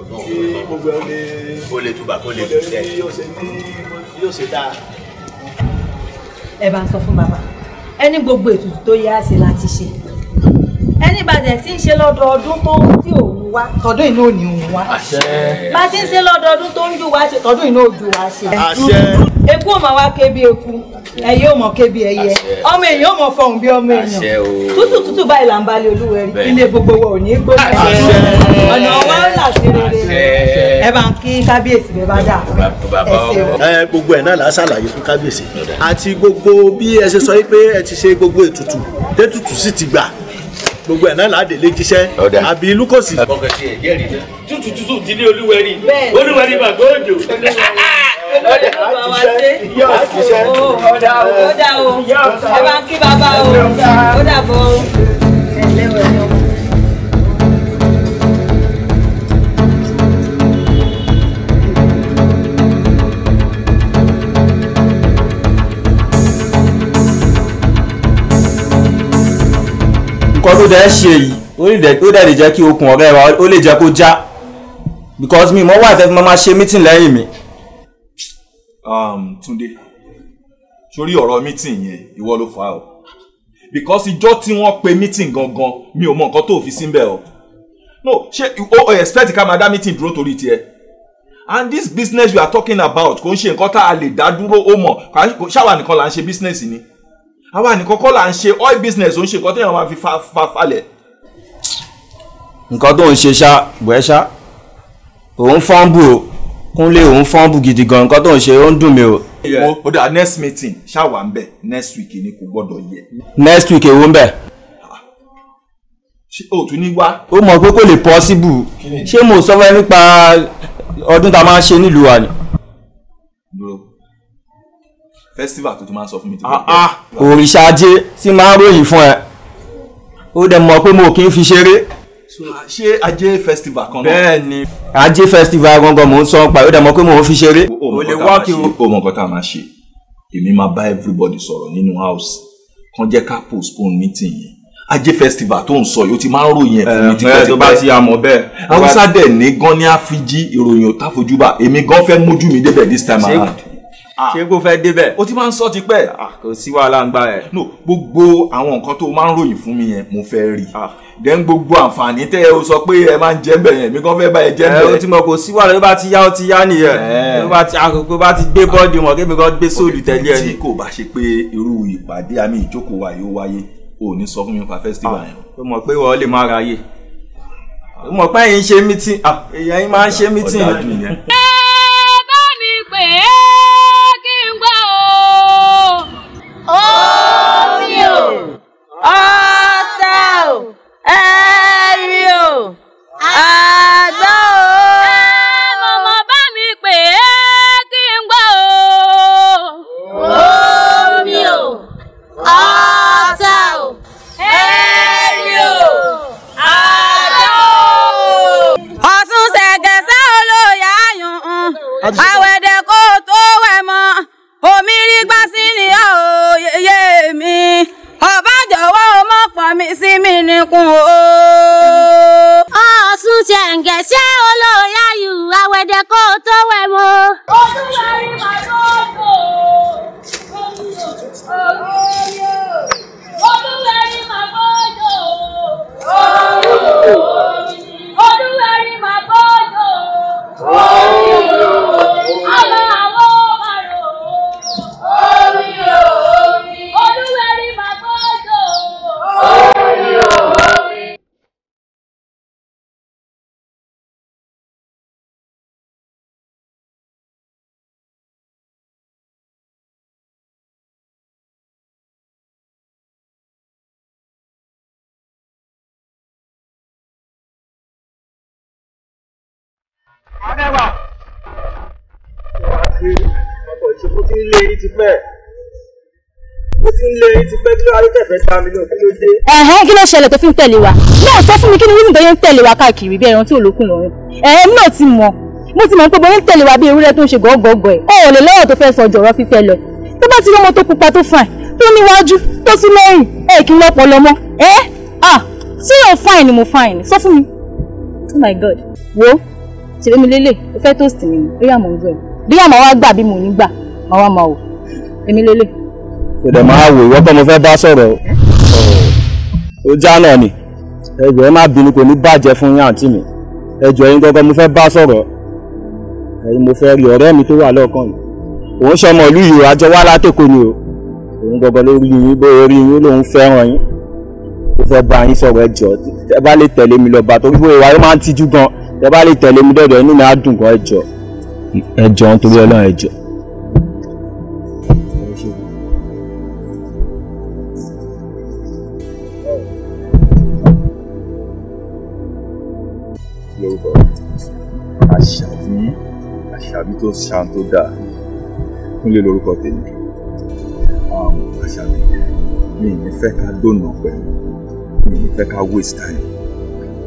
Speaker 3: ọdún gbogbo ẹ̀ ó lè túbà kó lè tù sẹ́ẹ̀. yóò ṣe dáa.
Speaker 8: ẹ bá ń sọ fún bàbá ẹni gbogbo ètùtù tó yẹ àṣẹ láti ṣe ẹni bàjẹ́ tí ń ṣe lọ́dọọdún tó ń tí òun wá tọdún ìlú òní òun wá bá ti ń ṣe lọ́dọọdún tó ń ju
Speaker 4: wá ṣe tọdún ìlú òjò wá ṣe. eku ò máa wá eku ẹyẹ ò mọ kébi ẹyẹ ọmọ èèyàn ò mọ fọhùn bí ọmọ èèyàn tútù tútù báyìí là ń balẹ̀ olúwẹ̀rí ilé gbogbo wa ò ní gbóná ọ̀nà wa ń là sí rere ẹ bá ń kí kábíyèsí bẹ bá dà
Speaker 6: ẹ gbogbo ẹ náà là á ṣàlàyé fún kábíyèsí
Speaker 4: àti gbogbo bí ẹ
Speaker 6: ṣe sọ pé ẹ ti ṣe gbogbo ètùtù tètùtù sì ti gbà gbogbo ẹ̀ náà láàdè lè jíṣẹ́
Speaker 3: àbí lukosi. ọkọ̀tì ẹ̀ jẹ́rìí náà tútù tútù òjò. olóòdì bàbá wa dé ó
Speaker 13: dà ó
Speaker 7: ẹ bá ń kí bàbá o ó dà bọ́ o.
Speaker 12: nǹkan tó dẹ̀ ṣe yìí ó dẹ̀ lè jẹ́ kí okùn ọ̀rẹ́ wa ó lè jẹ́ kó já because mi mo wà tẹ́ fi máa ṣe meeting lẹ́yìn mi.
Speaker 16: Um, Túndé sórí ọ̀rọ̀ meeting yẹn ìwọ ló fà o because ìjọ́ tí wọ́n pe meeting gangan mi ò mọ nǹkan tó fi síbẹ̀ o no ṣé o expect ká máa dá meeting dúró torí tiẹ̀ and this business we are talking about kò ń ṣe nǹkan tá a lè dá dúró ó mọ̀ ṣáwa nìkan là ń ṣe business ni àwa nìkan kọ́ là ń ṣe oil business ò ń ṣe nǹkan téèyàn máa fi fa fa falẹ̀.
Speaker 12: nǹkan tó ń ṣe ṣá bùẹ́ ṣá òun fọ́nbù o kúnlé òun fọ́nbù gidi gan nǹkan tó ń ṣe ó ń dùn mí o.
Speaker 16: ó dà next meeting ṣáwà ń bẹ̀ next week ni kò gbọ́dọ̀ yẹ.
Speaker 12: next week èwo ń bẹ̀.
Speaker 16: ṣé o tún ní wá.
Speaker 12: ó mọ̀ pé kò lè possible ṣé mo sọ fẹ́ nípa ọdún tá a máa ṣe nílùú wa ni
Speaker 16: festival tó ti máa ń sọ fún mi ti bẹ̀rẹ̀. Ah,
Speaker 12: ah. òrìṣà ajé tí máa ń ròyìn fún ẹ ó dẹ̀ mọ̀ pé mo kì í fi ṣeré.
Speaker 16: Ah, ṣé ajé festival kan náà. bẹ́ẹ̀ni ajé festival gangan mò ń sọ pa ó dẹ̀ mọ̀ pé mo fi ṣeré. o lè wá kí o. o mọ nǹkan tá a máa ṣe èmi máa bá everybody sọ̀rọ̀ nínú house kan jẹ́ ká postpone meeting yẹn ajé festival tó ń sọ yìí ó ti máa ń ròyìn ẹ̀ fún mi tipẹ́ tó bá ti àmọ́ bẹ́ẹ̀. haúsá dẹ̀ ní gan ní àfijì ìròyìn ò táfojúbà èmi gan fẹ́ mójú mi débẹ̀ this time around. Ah. ṣé kò fẹ́ débẹ̀. o ti máa ń sọ ti pẹ́. Ah, kò sí wàhálà ń gbà ẹ̀. no gbogbo àwọn nǹkan tó máa ń ròyìn fún mi yẹn mo fẹ́ rí. Ah. then gbogbo àǹfààní tẹ́ ẹ o sọ pé ẹ máa ń jẹ́ ń bẹ̀ yẹn mi kàn fẹ́ bá ẹ jẹ́ ń eh, bẹ̀. ẹ o ti mọ̀ kò sí wàhálà ló bá ti yá ó ti yá nìyẹn. ló eh. bá ti àkókò bá ti gbé bọ́ọ̀dì mọ̀ kébì kan gbé sóòlù tẹ̀lé ẹ. tí kò bá ṣe pé irú ìpàdé àmì ìjókòó wa yóò wáyé o ní sọ fún mi pa festival yẹn. o mọ̀ pé wọ́n
Speaker 6: fẹ́ ta mi lọ kí ló dé.
Speaker 15: ẹ̀hẹ́n kí ló ṣẹlẹ̀ tó fi ń tẹ̀lé wa náà sọ fún mi kí ni reason
Speaker 8: tó yẹn ń tẹ̀lé wa káàkiri bí ẹran tí ò lókun ọ̀run ẹ̀hẹ́n náà ti mọ̀ mo ti mọ̀ pé bóyá ń tẹ̀lé wa bí ewúrẹ́
Speaker 14: tó ń ṣe gọ́gọ́gọ́ ẹ̀ o ò lè lọ́rọ̀ tó fẹ́ sọ jọ̀rọ̀ fífẹ́ lọ tó bá ti lọ́mọ tó pupa tó fine tó níwájú tó sí lẹ́yìn ẹ̀ kí n lọ́pọ̀ lọ́mọ ẹ̀ ah ṣé yóò fine ni mo fine sọ
Speaker 8: fún mi oh my god wo ṣèlú mi lélẹ̀ o fẹ́ toast mi ni bóyá mo ń gbọ́ ẹ̀ bóyá màá wá gbà bí mo ní gbà màá wá máa wò èmi lélẹ̀
Speaker 12: kò dẹ̀ máa wò ìwọ́n tó fẹ́ bá sọ̀rọ̀ ó já náà ni ẹjọ́ ẹ má bínú kò ní bàjẹ́ fún yín àǹtí mi ẹjọ́ ẹ̀yin gangan mo fẹ́ bá sọ̀rọ̀ ẹ̀yin mo fẹ́ rí ọ̀rẹ́ mi tó wà lọ́ọ̀kan yìí òun ṣọmọ ìlú yìí àjọ wá látòkò ni o òun gangan ló rí yín bó rí yín lòun fẹ́ràn yín ó fẹ́ bá yín sọ̀rọ̀ ẹjọ́ ẹ bá lè tẹ̀lé mi lọ torí bóyá ìwà máa ń tijú gan ẹ bá lè tẹ̀lé mi dọ̀dọ̀ inú mi á dùn gan ẹjọ́ ẹjọ́ nítorí ọlọ́run ẹjọ́
Speaker 16: àṣà tó dáa kúnlé lórúkọ tèmi
Speaker 7: um, àṣà mi
Speaker 16: mi ní fẹ́ ká dóná pẹ̀lú mi ní fẹ́ ká waste time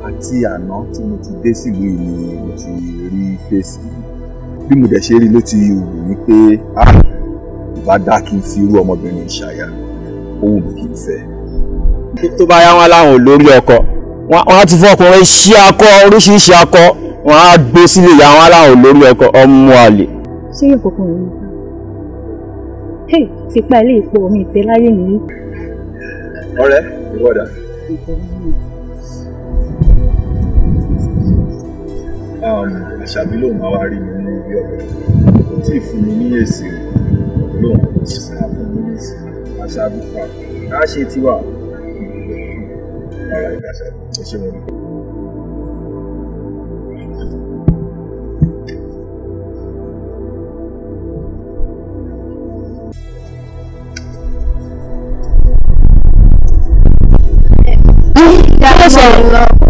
Speaker 16: àti àná tí mo ti dé sílùú yìí ni mo ti rí fèsì bí mo dẹ̀ ṣe rí ló ti wù mí pé ìbá ah, dá kí n fi irú ọmọbìnrin ṣàyà ó wù mí kí n fẹ́. tó bá yá wọn láwọn ò ọkọ wọn
Speaker 12: á ti fọkùnrin ṣí akọ oríṣiríṣi akọ wọn á gbé sílé ìyá wọn aláwọ̀ lórí ẹ̀kọ́ ọmọ àlè.
Speaker 8: ṣé yóò kókó rẹ nípa hey tipa ilé ìpò omi ìtẹ́ láyé nìyí.
Speaker 16: ọ̀rẹ́ ìwọdà. Um, àṣàbí lòun máa wá rí mi ní ibi ọ̀rẹ́ kò tí ì fún mi ní èsì lòun kò sì máa fún mi ní èsì àṣàbí pa á ṣe tiwa. ọ̀rẹ́ ìgbàṣẹ́ ẹ wọn.
Speaker 7: tó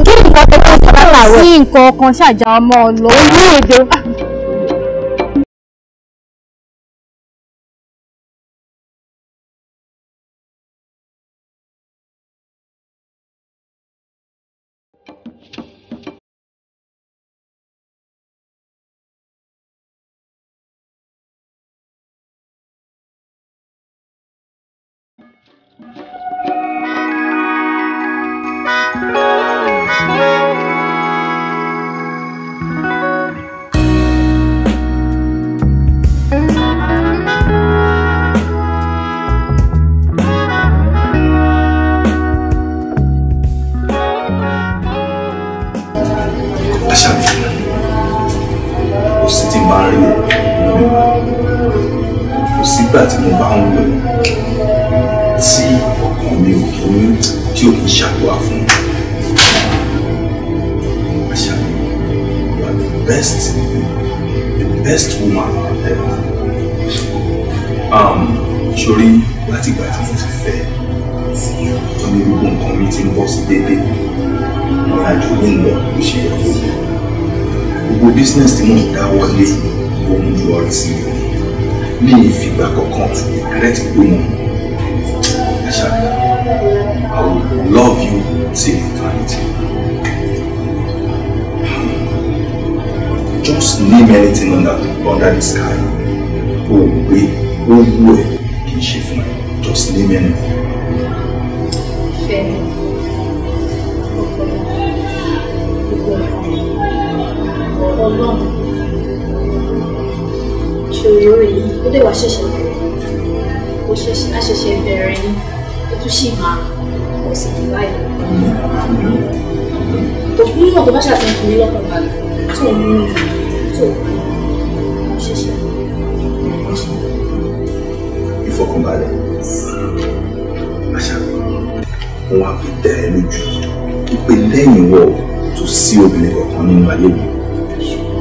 Speaker 7: kí
Speaker 15: nǹkan tó kọ́ sí bàtà sí nǹkan kan ṣàjà ọmọ ọlọ́ọ̀. olú èdè.
Speaker 8: 对我谢谢你，我谢谢，谢谢别人，我都喜欢，我是意外的。我不用多少钱，你老公们，做做，谢
Speaker 4: 谢。ìfọkànbalẹ̀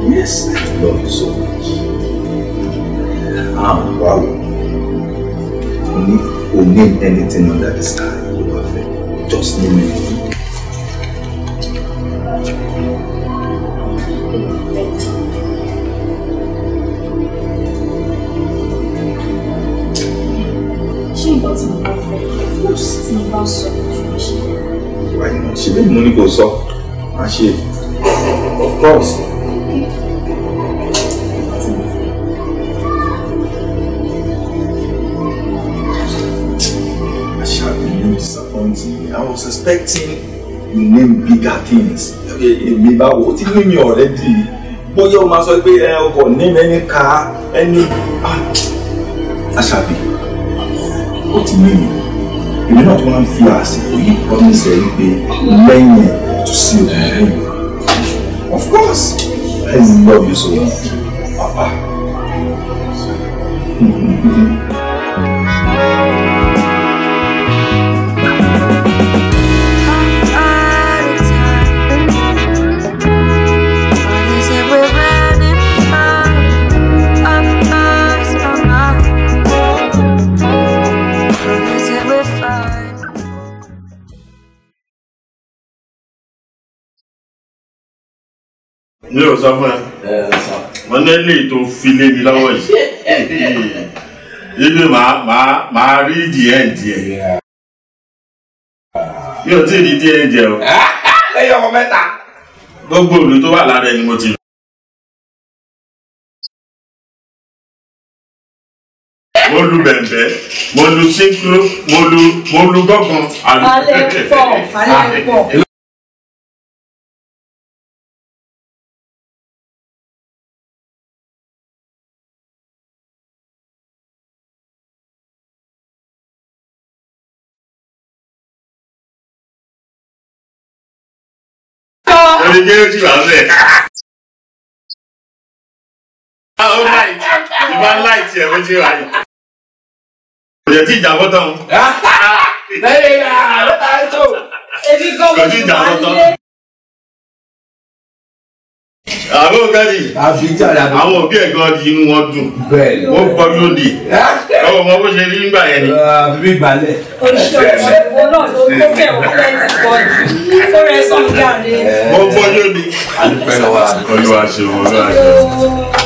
Speaker 16: I love you so much àrùn wà wò need o name anything under the sky ló wà fẹ́ just name it. Why not? She didn't money go so. And she, of course. expecting you name bigger things èmi báwo ó ti ní mi already bóyá o máa sọ pé ẹ eh, ọkọ̀ ní ẹni ká ẹni aṣàbí ó ti ní mi èmi náà tó máa ń fi àsìkò yìí promise ẹ wípé lẹ́yìn ẹ̀ tó sí òun eh. of course I love you so much.
Speaker 15: mi ò sọ fún ẹ mo ní lè tó filé
Speaker 9: mi lọ́wọ́
Speaker 7: yìí
Speaker 9: ibi màá màá màá rí díẹ̀ díẹ̀
Speaker 15: mi tí ì rí díẹ̀ díẹ̀ o. lẹ́yìn ah, ah, ọmọ mẹ́ta. gbogbo òòlù tó wà lára ẹni mo ti. mo lu bẹ̀m̀bẹ̀ mo lu sínkúrò mo lu mo lu gángan. alẹ́ pọ̀ alẹ́ ah, pọ̀. méjèèjì ah, oh wà bẹ́ẹ̀. ó láì ìbá láì tiẹ̀ bó ṣe wà yìí. kò yẹ kí ìjà bọ́ tán. lẹ́yìn àárọ̀ àìsàn èmi kò mú un wá lé àwọn nǹkan di àwọn òbí ẹ̀ gan di inú
Speaker 10: wọn
Speaker 3: dùn wọ́n kọjú òdì ọwọ́ wọn bó ṣe rí nígbà yẹn ni. bíbí ìgbàlẹ̀. oníṣòwò
Speaker 4: ẹ̀wọ̀n náà ló kó bẹ̀ wọ́n lẹ́yìn kọ́ ẹ̀ kó rẹ̀ sọ̀rọ̀ jáde.
Speaker 10: wọ́n kọjú òdì.
Speaker 7: alùpùpù ẹ̀ wá kọjú àṣẹ wọn lọ́wọ́ àṣẹ.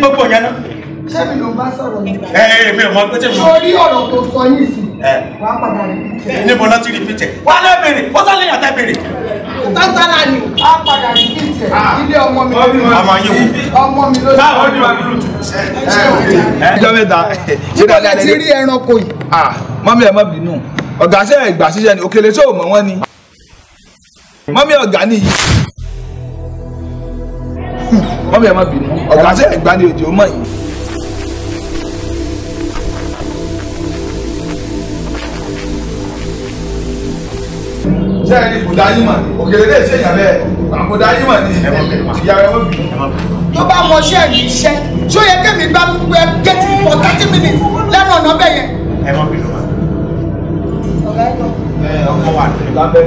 Speaker 6: gbogbo yẹn náà.
Speaker 4: ṣé mi ló bá sọ̀rọ̀ nígbà.
Speaker 6: ẹ ẹ mi ò mọ pé tèmi. sórí
Speaker 4: ọ̀rọ̀ tó sọ yìí sí.
Speaker 6: wàá padà rí. níbo náà ti rí pìtẹ wà á lè béèrè wọ́n sá lè yàtá béèrè.
Speaker 4: tọ́tàlá ni wàá padà rí pìtẹ ah. ilé ọmọ mi lórí. ọmọ yìí wò. ọmọ mi lórí. báwo ni wàá dúró tù.
Speaker 16: ìjọba ẹ̀dá. níbo lẹ ti rí ẹranko yìí. Ah, mọ́mí ẹ̀ má bínú ọ̀gá sẹ́yìn ìgbà ṣiṣẹ́ ni òkèlè tó mọ̀ wọ́n ni mọ́mí ọ̀gá nìyí mọ́mí ẹ̀ má bínú ọ̀gá sí ẹ̀gbá ni òjò mọ̀ yìí.
Speaker 13: ṣé ẹni ibùdó ayé mọ̀ òkèlè lè ṣe ìyàbẹ̀
Speaker 6: àbùdó ayé mọ̀ ni ìyàwó ẹ̀ má bínú.
Speaker 4: tó bá mọ ṣé ẹ̀yìn iṣẹ́ ṣó yẹ kémi gbá gbẹ gẹ́tì for thirty minutes lẹ́nu ọ̀nà bẹ́ẹ̀ yẹn. ẹ má bínú wa. ọ̀gá ẹ̀ lọ.
Speaker 6: ọkọ wa lábẹ́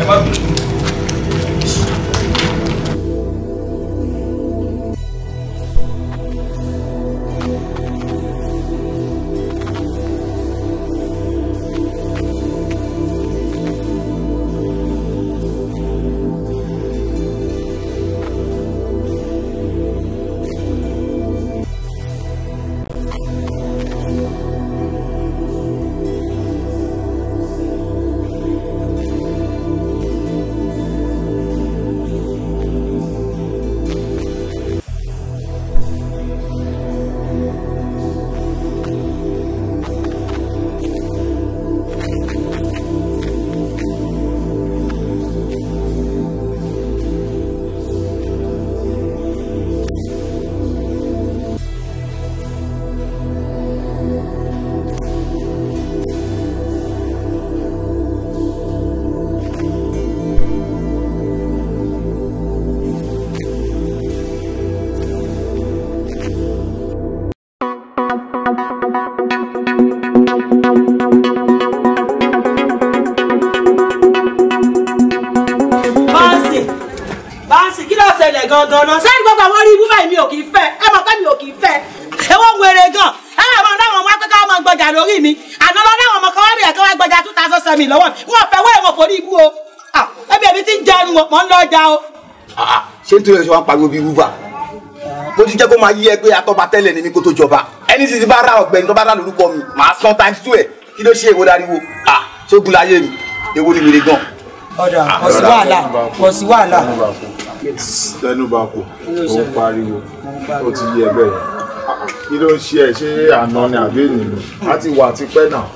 Speaker 6: ẹ má bínú.
Speaker 4: gangan náà sẹ́yìn gbogbo àwọn orí ibúba mi ò kì í fẹ́ ẹ mọ̀ pé mi ò kì í fẹ́ ewo ń wèrè gan ẹ máa mọ láwọn ọmọ akẹ́kọ̀ọ́ ọmọ gbọ̀jà lórí mi àná lọ láwọn ọmọ kọ́wárì ẹ̀kọ́ wá gbọ̀jà two thousand seven lọ́wọ́ mi wọ́n fẹ́ wẹ́rẹ́ wọn ibú o ah, ẹbí ẹbí ti ń jẹun mọ̀ ń lọ ọjà o. Ah, ah,
Speaker 6: ṣé n tó yẹ kí wọ́n pariwo bí wúvà
Speaker 4: mo ti jẹ́ kó máa yí ẹ pé atọ́ba
Speaker 6: tẹ́lẹ̀ ni mi kó tó jọba ẹni sì ti bá ra ọ̀gbẹ́ni tó bá rà lórúkọ mi màá san times two ẹ̀ kí ló ṣe èwo dariwo
Speaker 16: ṣógun láyé mi èwo ni mi lè gan.
Speaker 13: ọ̀dà kò sí wàhálà kò sí wàhálà tẹnuba kò ó pariwo ó ti yẹ bẹ́ẹ̀ kí ló ń ṣe ẹ ṣé àná ni àbí ènìyàn láti wà tipẹ́ náà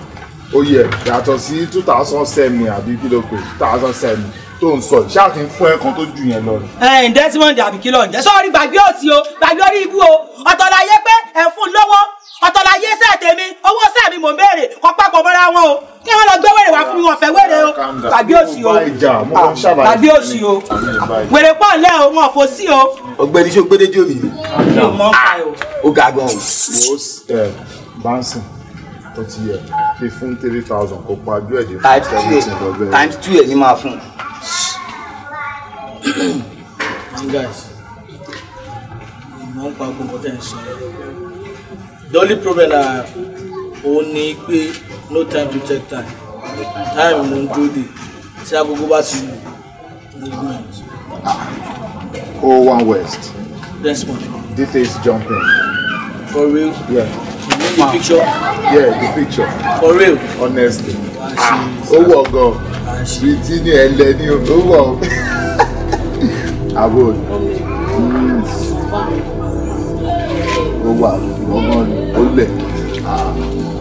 Speaker 13: ó yẹ yàtọ̀ sí two thousand seven àbí kí ló pè two thousand seven tó ń sọ ìṣáà ti fún ẹ kan tó jù yẹn lọ. ẹ ǹ Desmond àbí kí ló ń
Speaker 6: sọ́ọ́rí gbàgbé òsì o gbàgbé orí ibú o ọ̀tọ̀ la yẹ pé ẹ̀ fún lọ́wọ́ ọ̀tọ̀ la yé sẹ́ẹ̀ tèmi owó sẹ́ẹ̀ mi mò ń béèrè kọ́ papọ̀ mọ́ra wọn o kí wọ́n lọ gbé wèrè wá fún mi wọ́n fẹ́ wèrè o tàbí òsì o ah, tàbí òsì o wèrè pọ̀ lẹ́ o wọn fò sí o.
Speaker 13: ọ̀gbẹ́ni ṣé o gbé déjò mi. o ga gan o. wo bouncing tó three thousand
Speaker 9: kó pa ojú ẹ̀ dé fún seventeen lọ́gbẹ́. times two ẹ̀ ní máa fún. *coughs* guys mo ń pa gbogbo tẹ̀ sọ
Speaker 3: the only problem na òun ni pé no time to check time time ló ń dúró dè tí agogo bá ti
Speaker 7: lù movement.
Speaker 13: oh one west. yes ma. this is jumping.
Speaker 9: for real.
Speaker 10: yeah. the picture. yeah the picture. for real. honestly. Oh, wọ̀ gan. bíi tí ni ẹ Oh, ní I would.
Speaker 7: Mm
Speaker 10: ó
Speaker 1: wà
Speaker 7: ó wọ́n ó lẹ̀.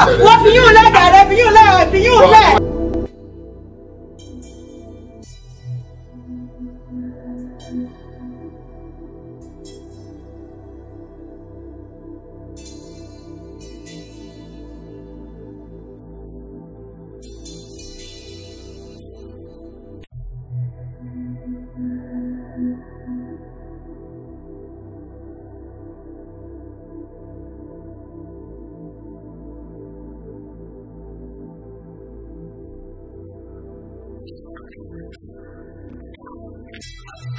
Speaker 7: What for you?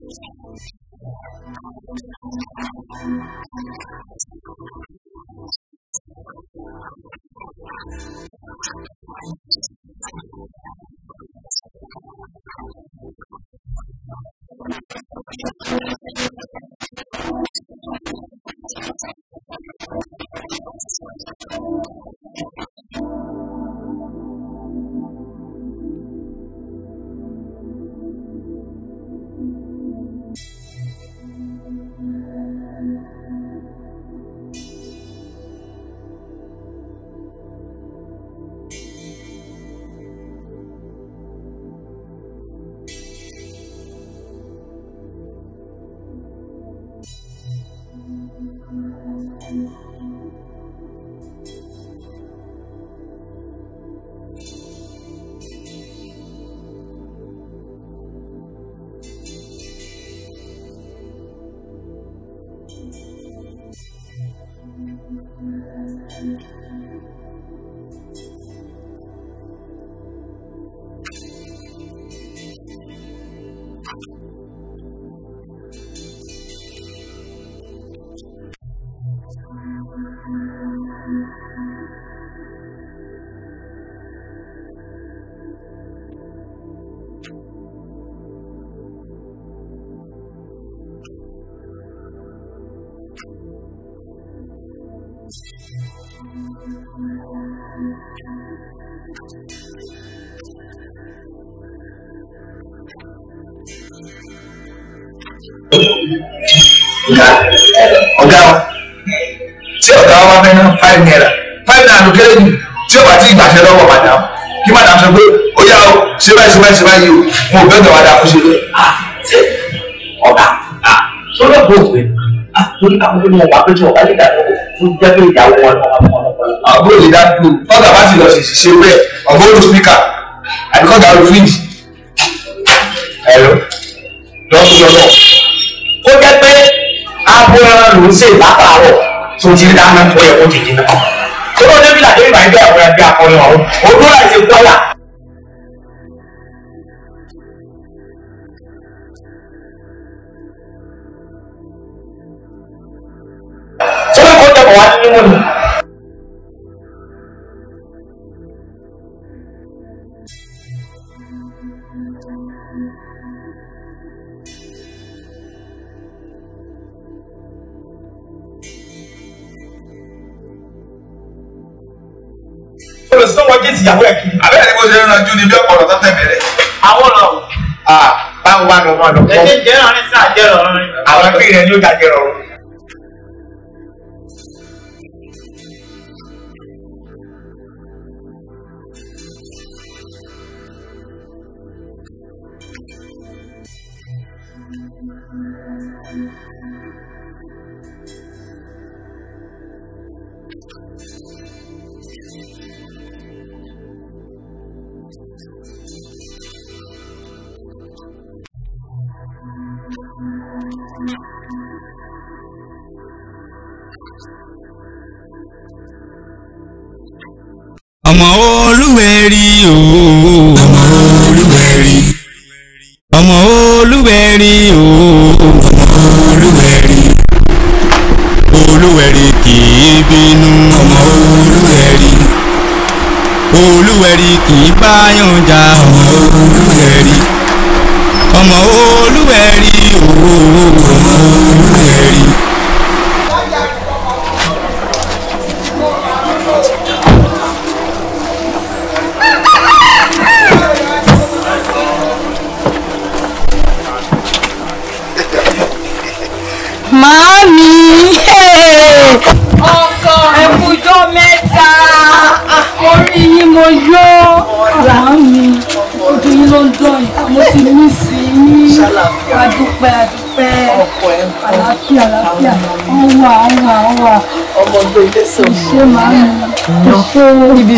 Speaker 7: Thank you. ọ̀gá wa
Speaker 13: tí ọ̀gá wa fẹ́ ná five naira five naira ló kéré tí ó ti gbàṣẹ lọ́wọ́ madam
Speaker 16: kí madam sọ pé ó yá o ṣe báyìí ṣe báyìí ṣe báyìí o mo bẹ́ẹ̀ gbà wàdà ah, kó ṣe lé.
Speaker 4: ọ̀gá sọ́dọ̀ ah, gbòògbé ah, torí àwọn olóyún ọ̀gá pé tí ọ̀gá lè dàgbò tó jẹ́ pé ìyàwó wọn àbúrò lè dájú ọ̀gá bá ti lọ sí ṣe bẹ́ẹ̀
Speaker 6: ọ̀gá olú spíkà àbíkọ́gà olú fíjì ẹ̀rọ kó jẹ́ pé abúlé ló ń ṣe látàárọ̀
Speaker 15: tó ti dáná ó yẹ kó ti dín náà.
Speaker 7: tó ló débìlà débìlà ń gbé àbúrò ẹgbẹ́ akọni ọ̀hún òdúrà ìṣèkú ọ̀la
Speaker 6: bá lọ máa lọ
Speaker 15: kọ́. ẹ̀jẹ̀ jẹ́ ọ̀rìn sáà jẹ́ àwọn ẹbí rẹ̀ ni ó jà jẹ́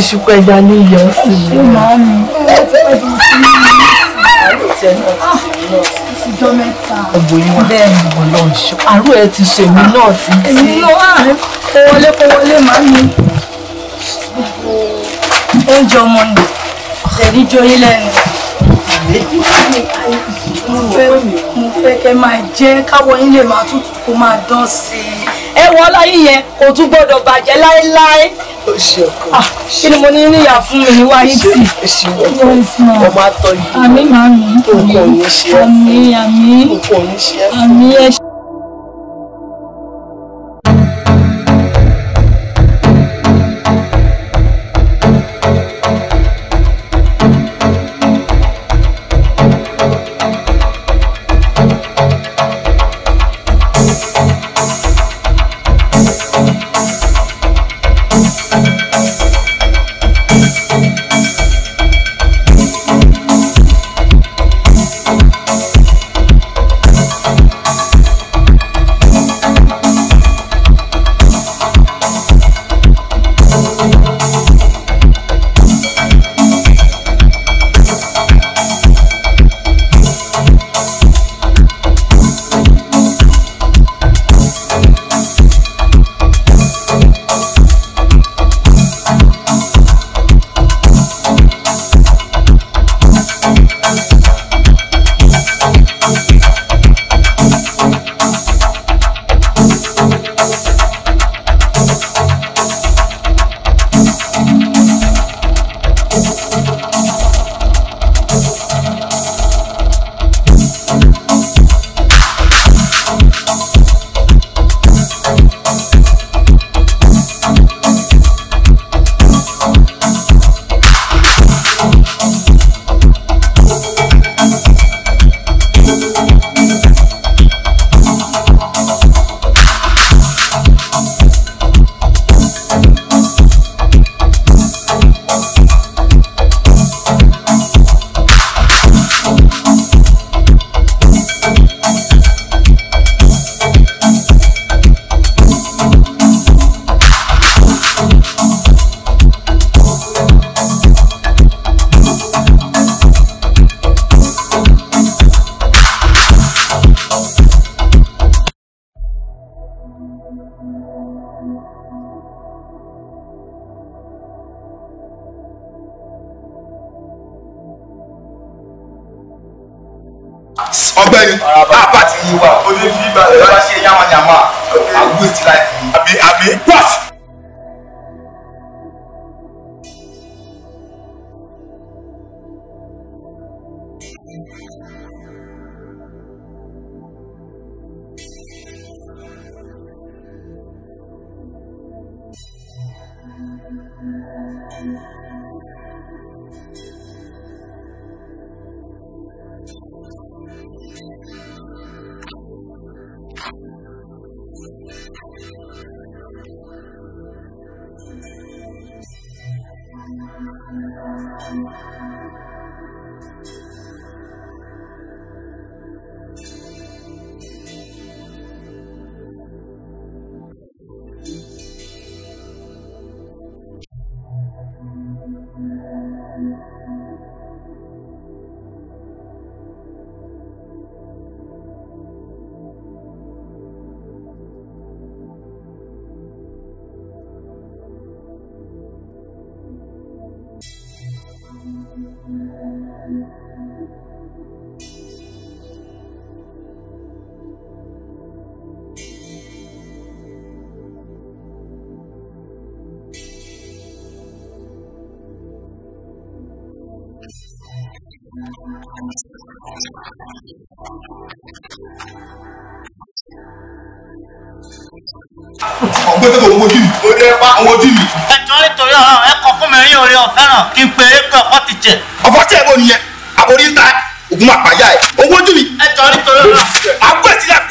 Speaker 4: iṣu pẹja ní iyọ̀ sí i. ṣé
Speaker 1: màá mi ìjọ mẹ́ta.
Speaker 4: ọgbọ yìí wọn bẹ́ẹ̀ ni wọn lọ ṣe àrùn ẹ ti ṣe mí náà ti ṣe. èmi ló wà kó wọlé kó wọlé màá mi. oúnjẹ ọmọ ni
Speaker 8: tẹ̀lé joyé lẹ́nu. mo fẹ́ mo fẹ́ kẹ́ máa jẹ́ káwọ́ yín lè máa tútù kó máa dán sí i. ẹ wọ́n láyé yẹn kò tún gbọ́dọ̀ bàjẹ́ láéláé ó ṣe ọkọ ah, kí ni mo ní níyà fún mi ní wáyé
Speaker 4: tì ọmọ àtọ yìí àmì màmí nǹkan ò ní ṣe àmì àmì
Speaker 1: Thank you.
Speaker 7: àwọn
Speaker 6: gbẹ́fẹ́ tó wojú mi ó lé pa àwọn ojú mi. ẹjọ́ nítorí ọ̀rọ̀ ẹ kọ fún mi rí orí ọ̀fẹ́ náà kí n pè é pé ọkọ ti jẹ. ọ̀fọ̀ tẹ̀ ẹ̀ bọ̀ nìyẹn àbórí ń ta ògùn àpáyà ẹ̀ owó ojú mi. ẹjọ́ nítorí
Speaker 15: ọ̀rọ̀ àgbẹ̀ sílẹ̀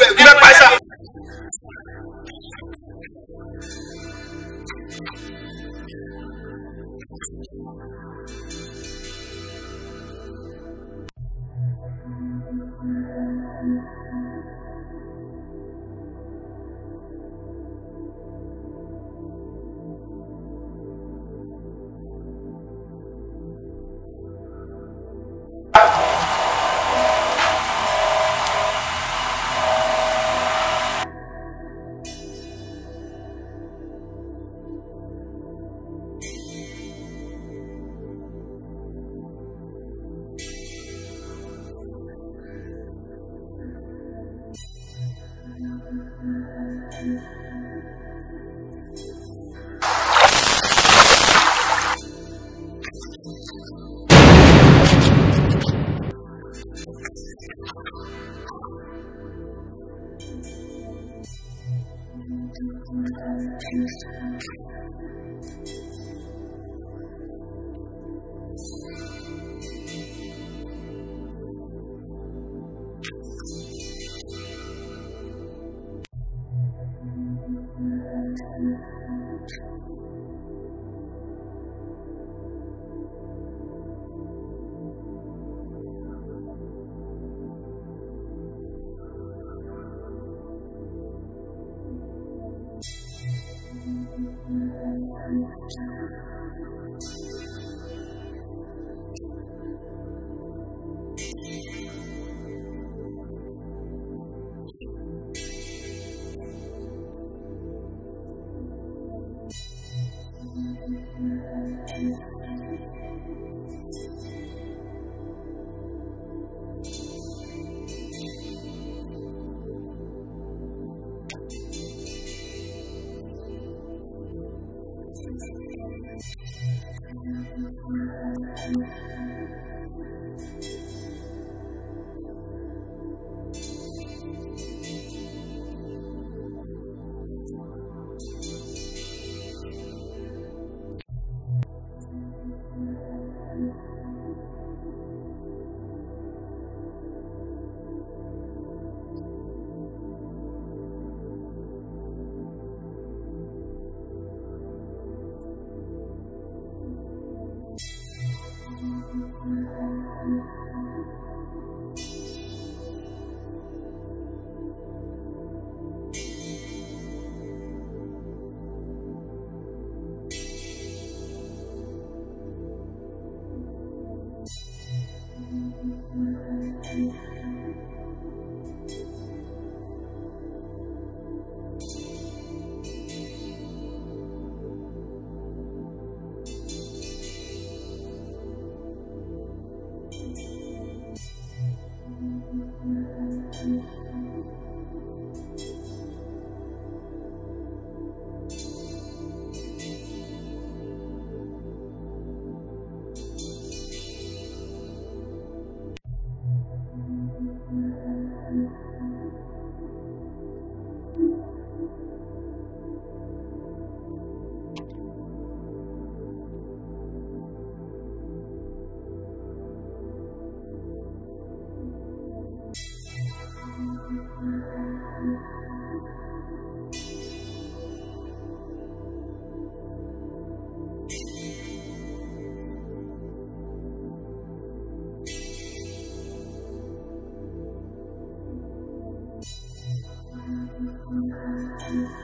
Speaker 1: Amen.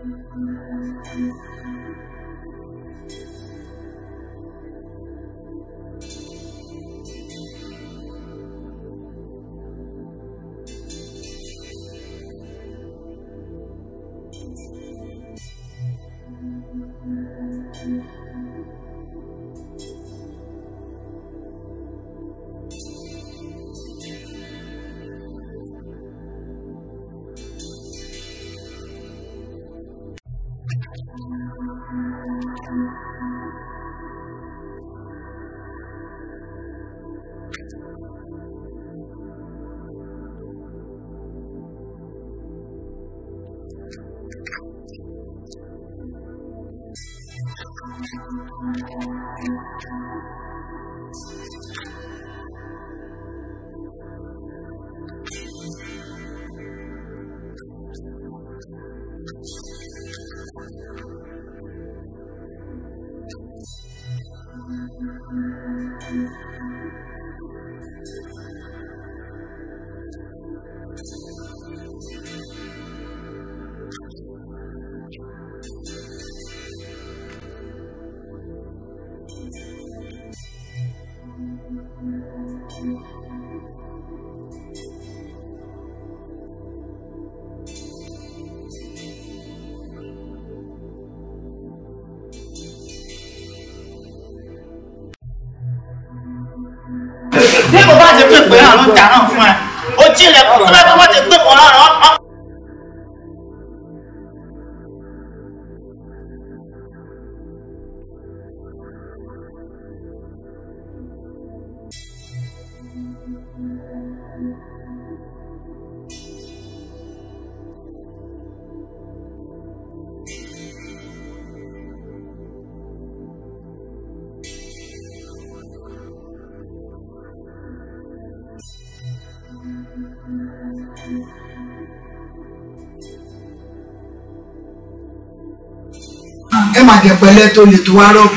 Speaker 1: Thank you.
Speaker 7: bí kò
Speaker 5: bá ti pè pé àrùn jàrán fún ẹ ojú ilẹ̀kùn tó bá tó wọ́n ti pè pọ̀ láàrún
Speaker 15: máa jẹ pẹ̀lẹ́ tó lè tó wá rọ̀bù.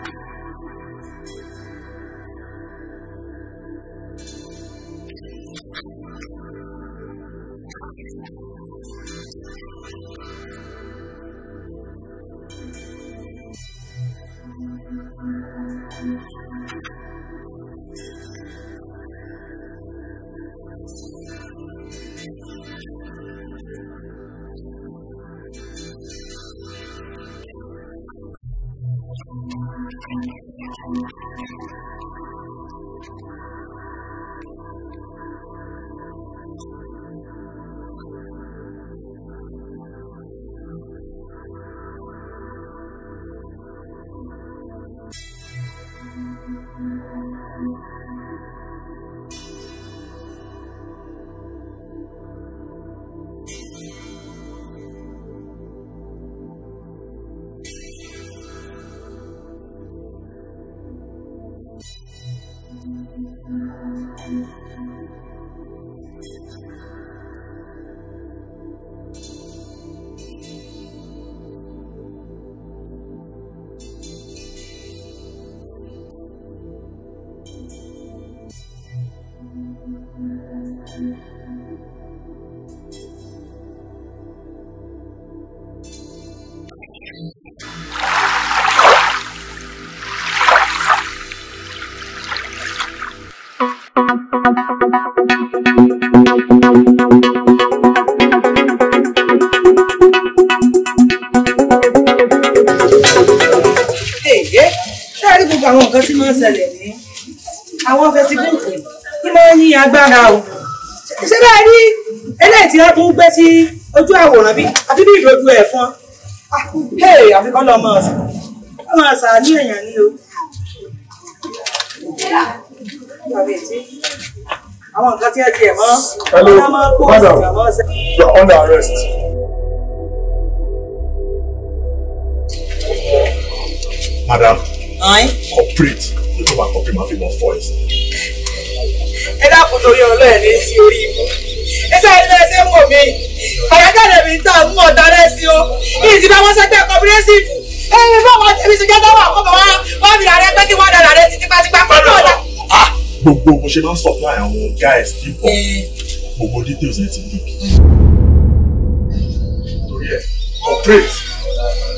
Speaker 4: yóò àwọn fẹsibúùkù ní máa ń agbára o ṣé bá rí eléyìí tí wọ́n gbé sí ojú àwòrán bí àfi bí ìdodo ẹ̀fọn ah, àfikọ́ lọ́mọ ọ̀sán ọmọ ọ̀sán ní èèyàn ní o àwọn nǹkan tí ẹ ti ẹ̀ mọ́
Speaker 13: ọ̀nà máa ọ̀sán ọ̀mọ́ ọ̀sán. you are under arrest. madam corporate
Speaker 16: ní tó bá corporate máa fi mọ fọ ẹsẹ.
Speaker 4: ẹ dákun torí ọ̀rọ̀ ẹ̀ ní sí orí ibú ẹ sọ ẹni bẹ́ẹ̀ ṣe ń wò mí ọ̀yájáde mi ń tà mú ọ̀daràn sí o ìdí bá wọ́n sẹ́gbẹ́ comprehensive ẹ ẹ bá wọn tẹ̀mí sí gẹ́gẹ́ wà kọ́kọ́ wá wọ́n mi rárẹ́ pé kí wọ́n dára rẹ ti tipátipá pẹ̀lú ọ̀dà.
Speaker 16: Ah, gbogbo bó ṣe máa ń supply guys people.
Speaker 4: Eh.
Speaker 13: gbogbo details ẹ ti leak
Speaker 16: torí ẹ corporate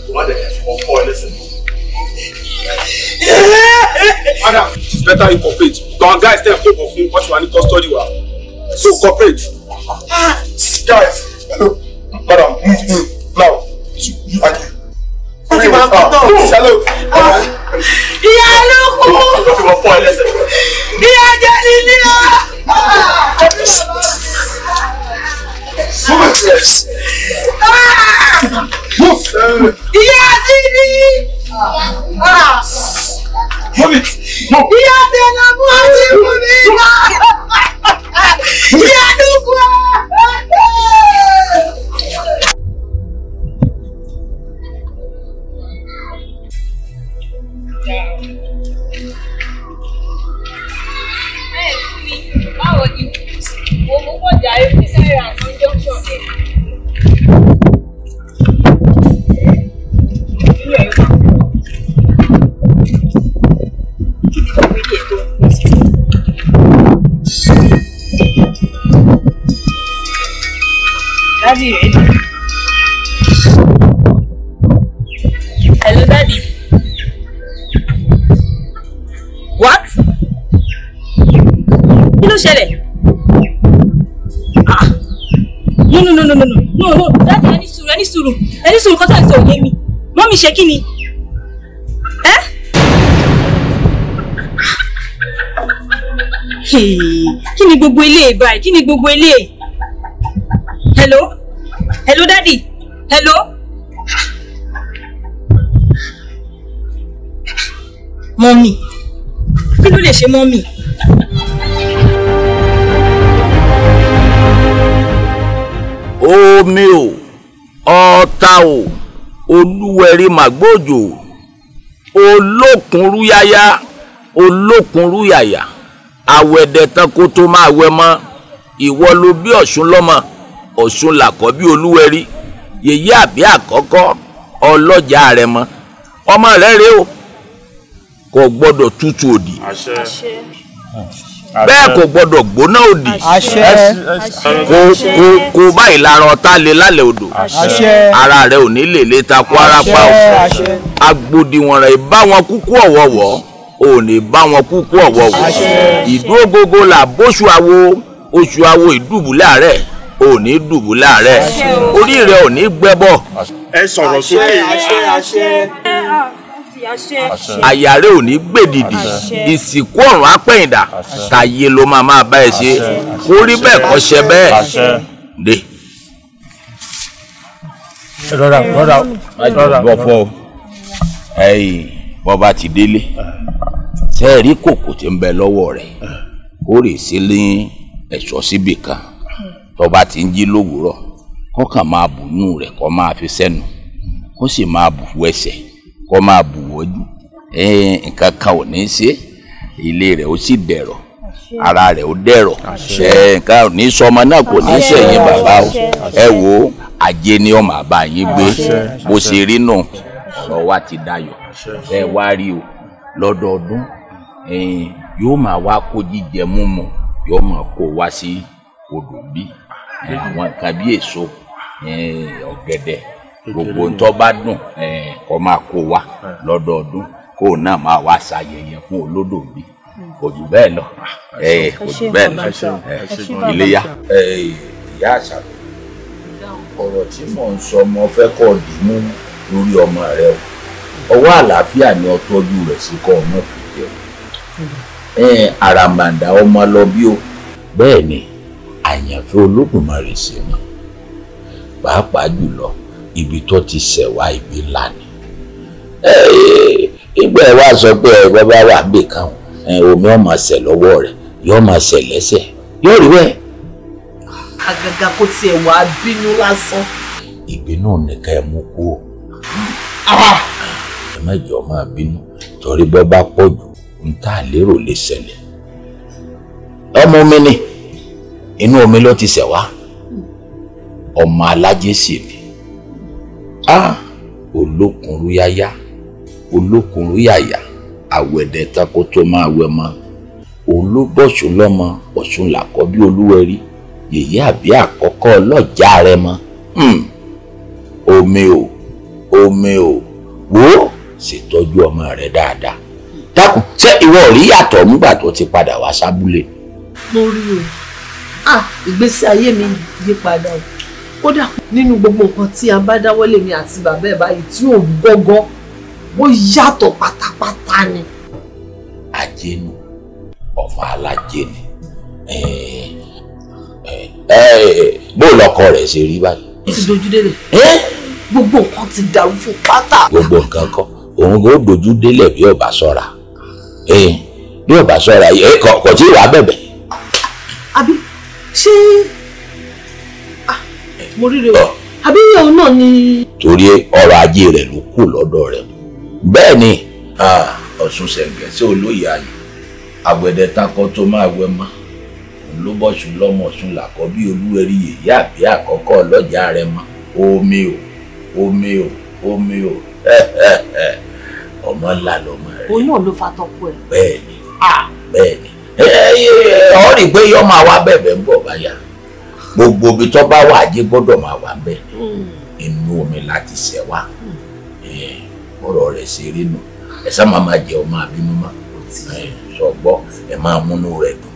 Speaker 6: tó má dẹ̀ kẹ́ fi wọ́n fọ́ Madam, it is better you cooperate. The one guy step up fún what you are to custody wa. So cooperate.
Speaker 13: Ah, guys, hello, madam, move move now. You, you, you.
Speaker 6: Okay, ma'am, come down. Hello.
Speaker 13: Ah.
Speaker 8: ṣe kí ni. kí ni gbogbo ilé báyìí kí ni gbogbo ilé hello hello daddy hello.
Speaker 7: mọ́mì
Speaker 4: kí ló lè ṣe mọ́mì.
Speaker 9: omi o ọta o olúwẹ̀rí màgbóòjò olókunrúyáyá olókunrúyàyà àwẹ̀dẹ̀ tán kó tó máa wẹ mọ́ ìwọ ló bí ọ̀ṣun lọ́mọ ọ̀ṣun làkọ́ bí olúwẹ̀rí yèyí àbí àkọ́kọ́ ọlọ́jà rẹ mọ́ ọmọ rẹ rèé o kò gbọ́dọ̀ tútù òdì bẹ́ẹ̀ kò gbọ́dọ̀ gbóná òdì kò kò báyìí lára ọ̀tá lé lálẹ́ odò ara rẹ̀ ò ní lè lè takò ara pa ọ́ agbódiwọ̀n rẹ̀ bá wọn kúkú ọ̀wọ̀wọ̀ ò ní bá wọn kúkú ọ̀wọ̀wọ̀ ìdúró gbogbo là bóṣù awo oṣù awo ìdùbúlẹ̀ rẹ̀ ò ní dùbúlẹ̀ rẹ̀ orí rẹ̀ ò ní gbẹ́bọ̀. ẹ sọ̀rọ̀ sókè àyàrá ò ní gbèdìdì ìsìnkú ọ̀run apẹ̀yìndà tàyè ló máa máa bá ẹ ṣe kó rí bẹ́ẹ̀ kọ́ ṣe bẹ́ẹ̀ dé. rọra rọra rọra bọ fọ ẹyìn bọba ti délé tẹ ẹ rí kòkò tí ń bẹ lọ́wọ́ rẹ̀ ó rè sí ní ẹ̀ṣọ́ síbì kan tọba ti ń jí lówùúrọ̀ kọkàn máa bù nù rẹ̀ kó máa fi sẹ́nu kó sì máa bù ẹsẹ̀ kó máa bù nǹkan kan ò ní í ṣe ilé rẹ̀ ó sì dẹ̀rọ̀ ara rẹ̀ ó dẹ̀rọ̀ nǹkan ò ní sọ ọmọ náà kò ní sẹ̀yìn bàbá o ẹ wo ajé ni ọmọ àbá yín gbé bó ṣe rí nù sọ wá ti dayọ̀ ẹ wá rí o lọ́dọọdún yóò máa wá kó jíjẹ múmu yóò máa kó wá sí odò bí àwọn nǹkan bí èso ọ̀gẹ̀dẹ̀ gbogbo ntọ́ bá dùn kó máa kó wá lọ́dọọdún kó o náà máa wá ṣayẹyẹ fún olódò mi kò jù bẹ́ẹ̀ lọ kò jù bẹ́ẹ̀ lọ iléyà ìyá àṣà ọ̀rọ̀ tí mò ń sọ ọmọ fẹ́ kọ́ dìímú lórí ọmọ rẹ o ọwọ́ àlàáfíà ni ọ tọ́jú rẹ̀ sí kọ́ ọmọ fìdí o àràmàǹdà ọmọ lọ bí o bẹ́ẹ̀ ni àyànfẹ́ olódùmarè sí mi pàápàá jùlọ ibi tó ti ṣẹ̀wá ibi ńlá ni ìgbẹ́ wa sọ pé ẹgbẹ́ bá wà omi ọ̀ máa ṣẹ̀ lọ́wọ́ rẹ̀ yóò máa ṣẹ̀ lẹ́sẹ̀ yóò rí bẹ́ẹ̀.
Speaker 4: àgàgà kò tiẹ̀ wá bínú lásán.
Speaker 9: ìbínú nìkan ẹ mú kúrò. ẹ má jọ máa bínú torí bọ́ bá pọ̀ jù ń tà lérò lè ṣẹlẹ̀. ọmọ mi ni inú omi ló ti ṣẹ̀ wá ọmọ alájẹsì ni olókùnrú yáyá. Ah, olókùnrin yàyà àwẹ̀dẹ̀ kan kó tó máa wẹ̀ mọ́ olúbọ̀sùn lọ́mọ ọ̀sùn làkọ́bí olúwẹ̀rí yèyí àbí àkọ́kọ́ ọlọ́jà rẹ mọ́ hmm. omi o omi o wo ṣètọ́jú ọmọ rẹ dáadáa dákun ṣé ìwọ rí yàtọ̀ nígbà tó ti padà wá sábúlé.
Speaker 4: mo rí o ah ìgbésí ayé mi yí padà o kódà nínú gbogbo nǹkan tí a bá dáwọ́lé mi àti bàbá ẹ̀ báyìí tí ò gbọ́gọ́ ó yàtọ̀ pátápátá ni.
Speaker 9: ajénu ọmọ alájẹni bó lọkọ rẹ ṣe rí báyìí.
Speaker 4: ó ti dojú délẹ̀ gbogbo nǹkan ti dàrú fún pátá. gbogbo
Speaker 9: nǹkan kọ òun kò dojú délẹ̀ bí ọba ṣọ́ra bí ọba ṣọ́ra kò tí ì wá bẹ̀bẹ̀.
Speaker 4: àbí ṣé ah, mo ríre o àbí ìyàwó náà ni.
Speaker 9: torí ọrọ̀ ajé rẹ̀ ló kù lọ́dọ̀ rẹ̀ bẹ́ẹ̀ ni ọ̀ṣun ṣẹ̀ǹgẹ̀ sí olóyè ayò àgbẹ̀dẹ takọ tó máa wẹ mọ́ ló bọ̀ṣù lọ́mọ ọ̀ṣun làkọ́ bí olúwẹ̀rí yèyí àbí àkọ́kọ́ ọlọ́jà rẹ mọ́ omi o omi o omi o *laughs* ọmọ ńlá lọmọ
Speaker 4: rẹ. òun náà ló fa tọpọ ẹ.
Speaker 9: bẹ́ẹ̀ ni bẹ́ẹ̀ ni ọ rí i pé yọ máa wá bẹ̀bẹ̀ ń bọ̀ báyà gbogbo ibi tó bá wà ajé gbọ́dọ̀ máa wà bẹ́ẹ̀ hmm. inú omi láti ṣẹ̀ wá. Hmm. ọ̀rọ̀ rẹ̀ ṣeré nù ẹ sá máa máa jẹ ọmọ àbí mímọ́ sọgbọ ẹ máa múnú rẹ̀ dùn.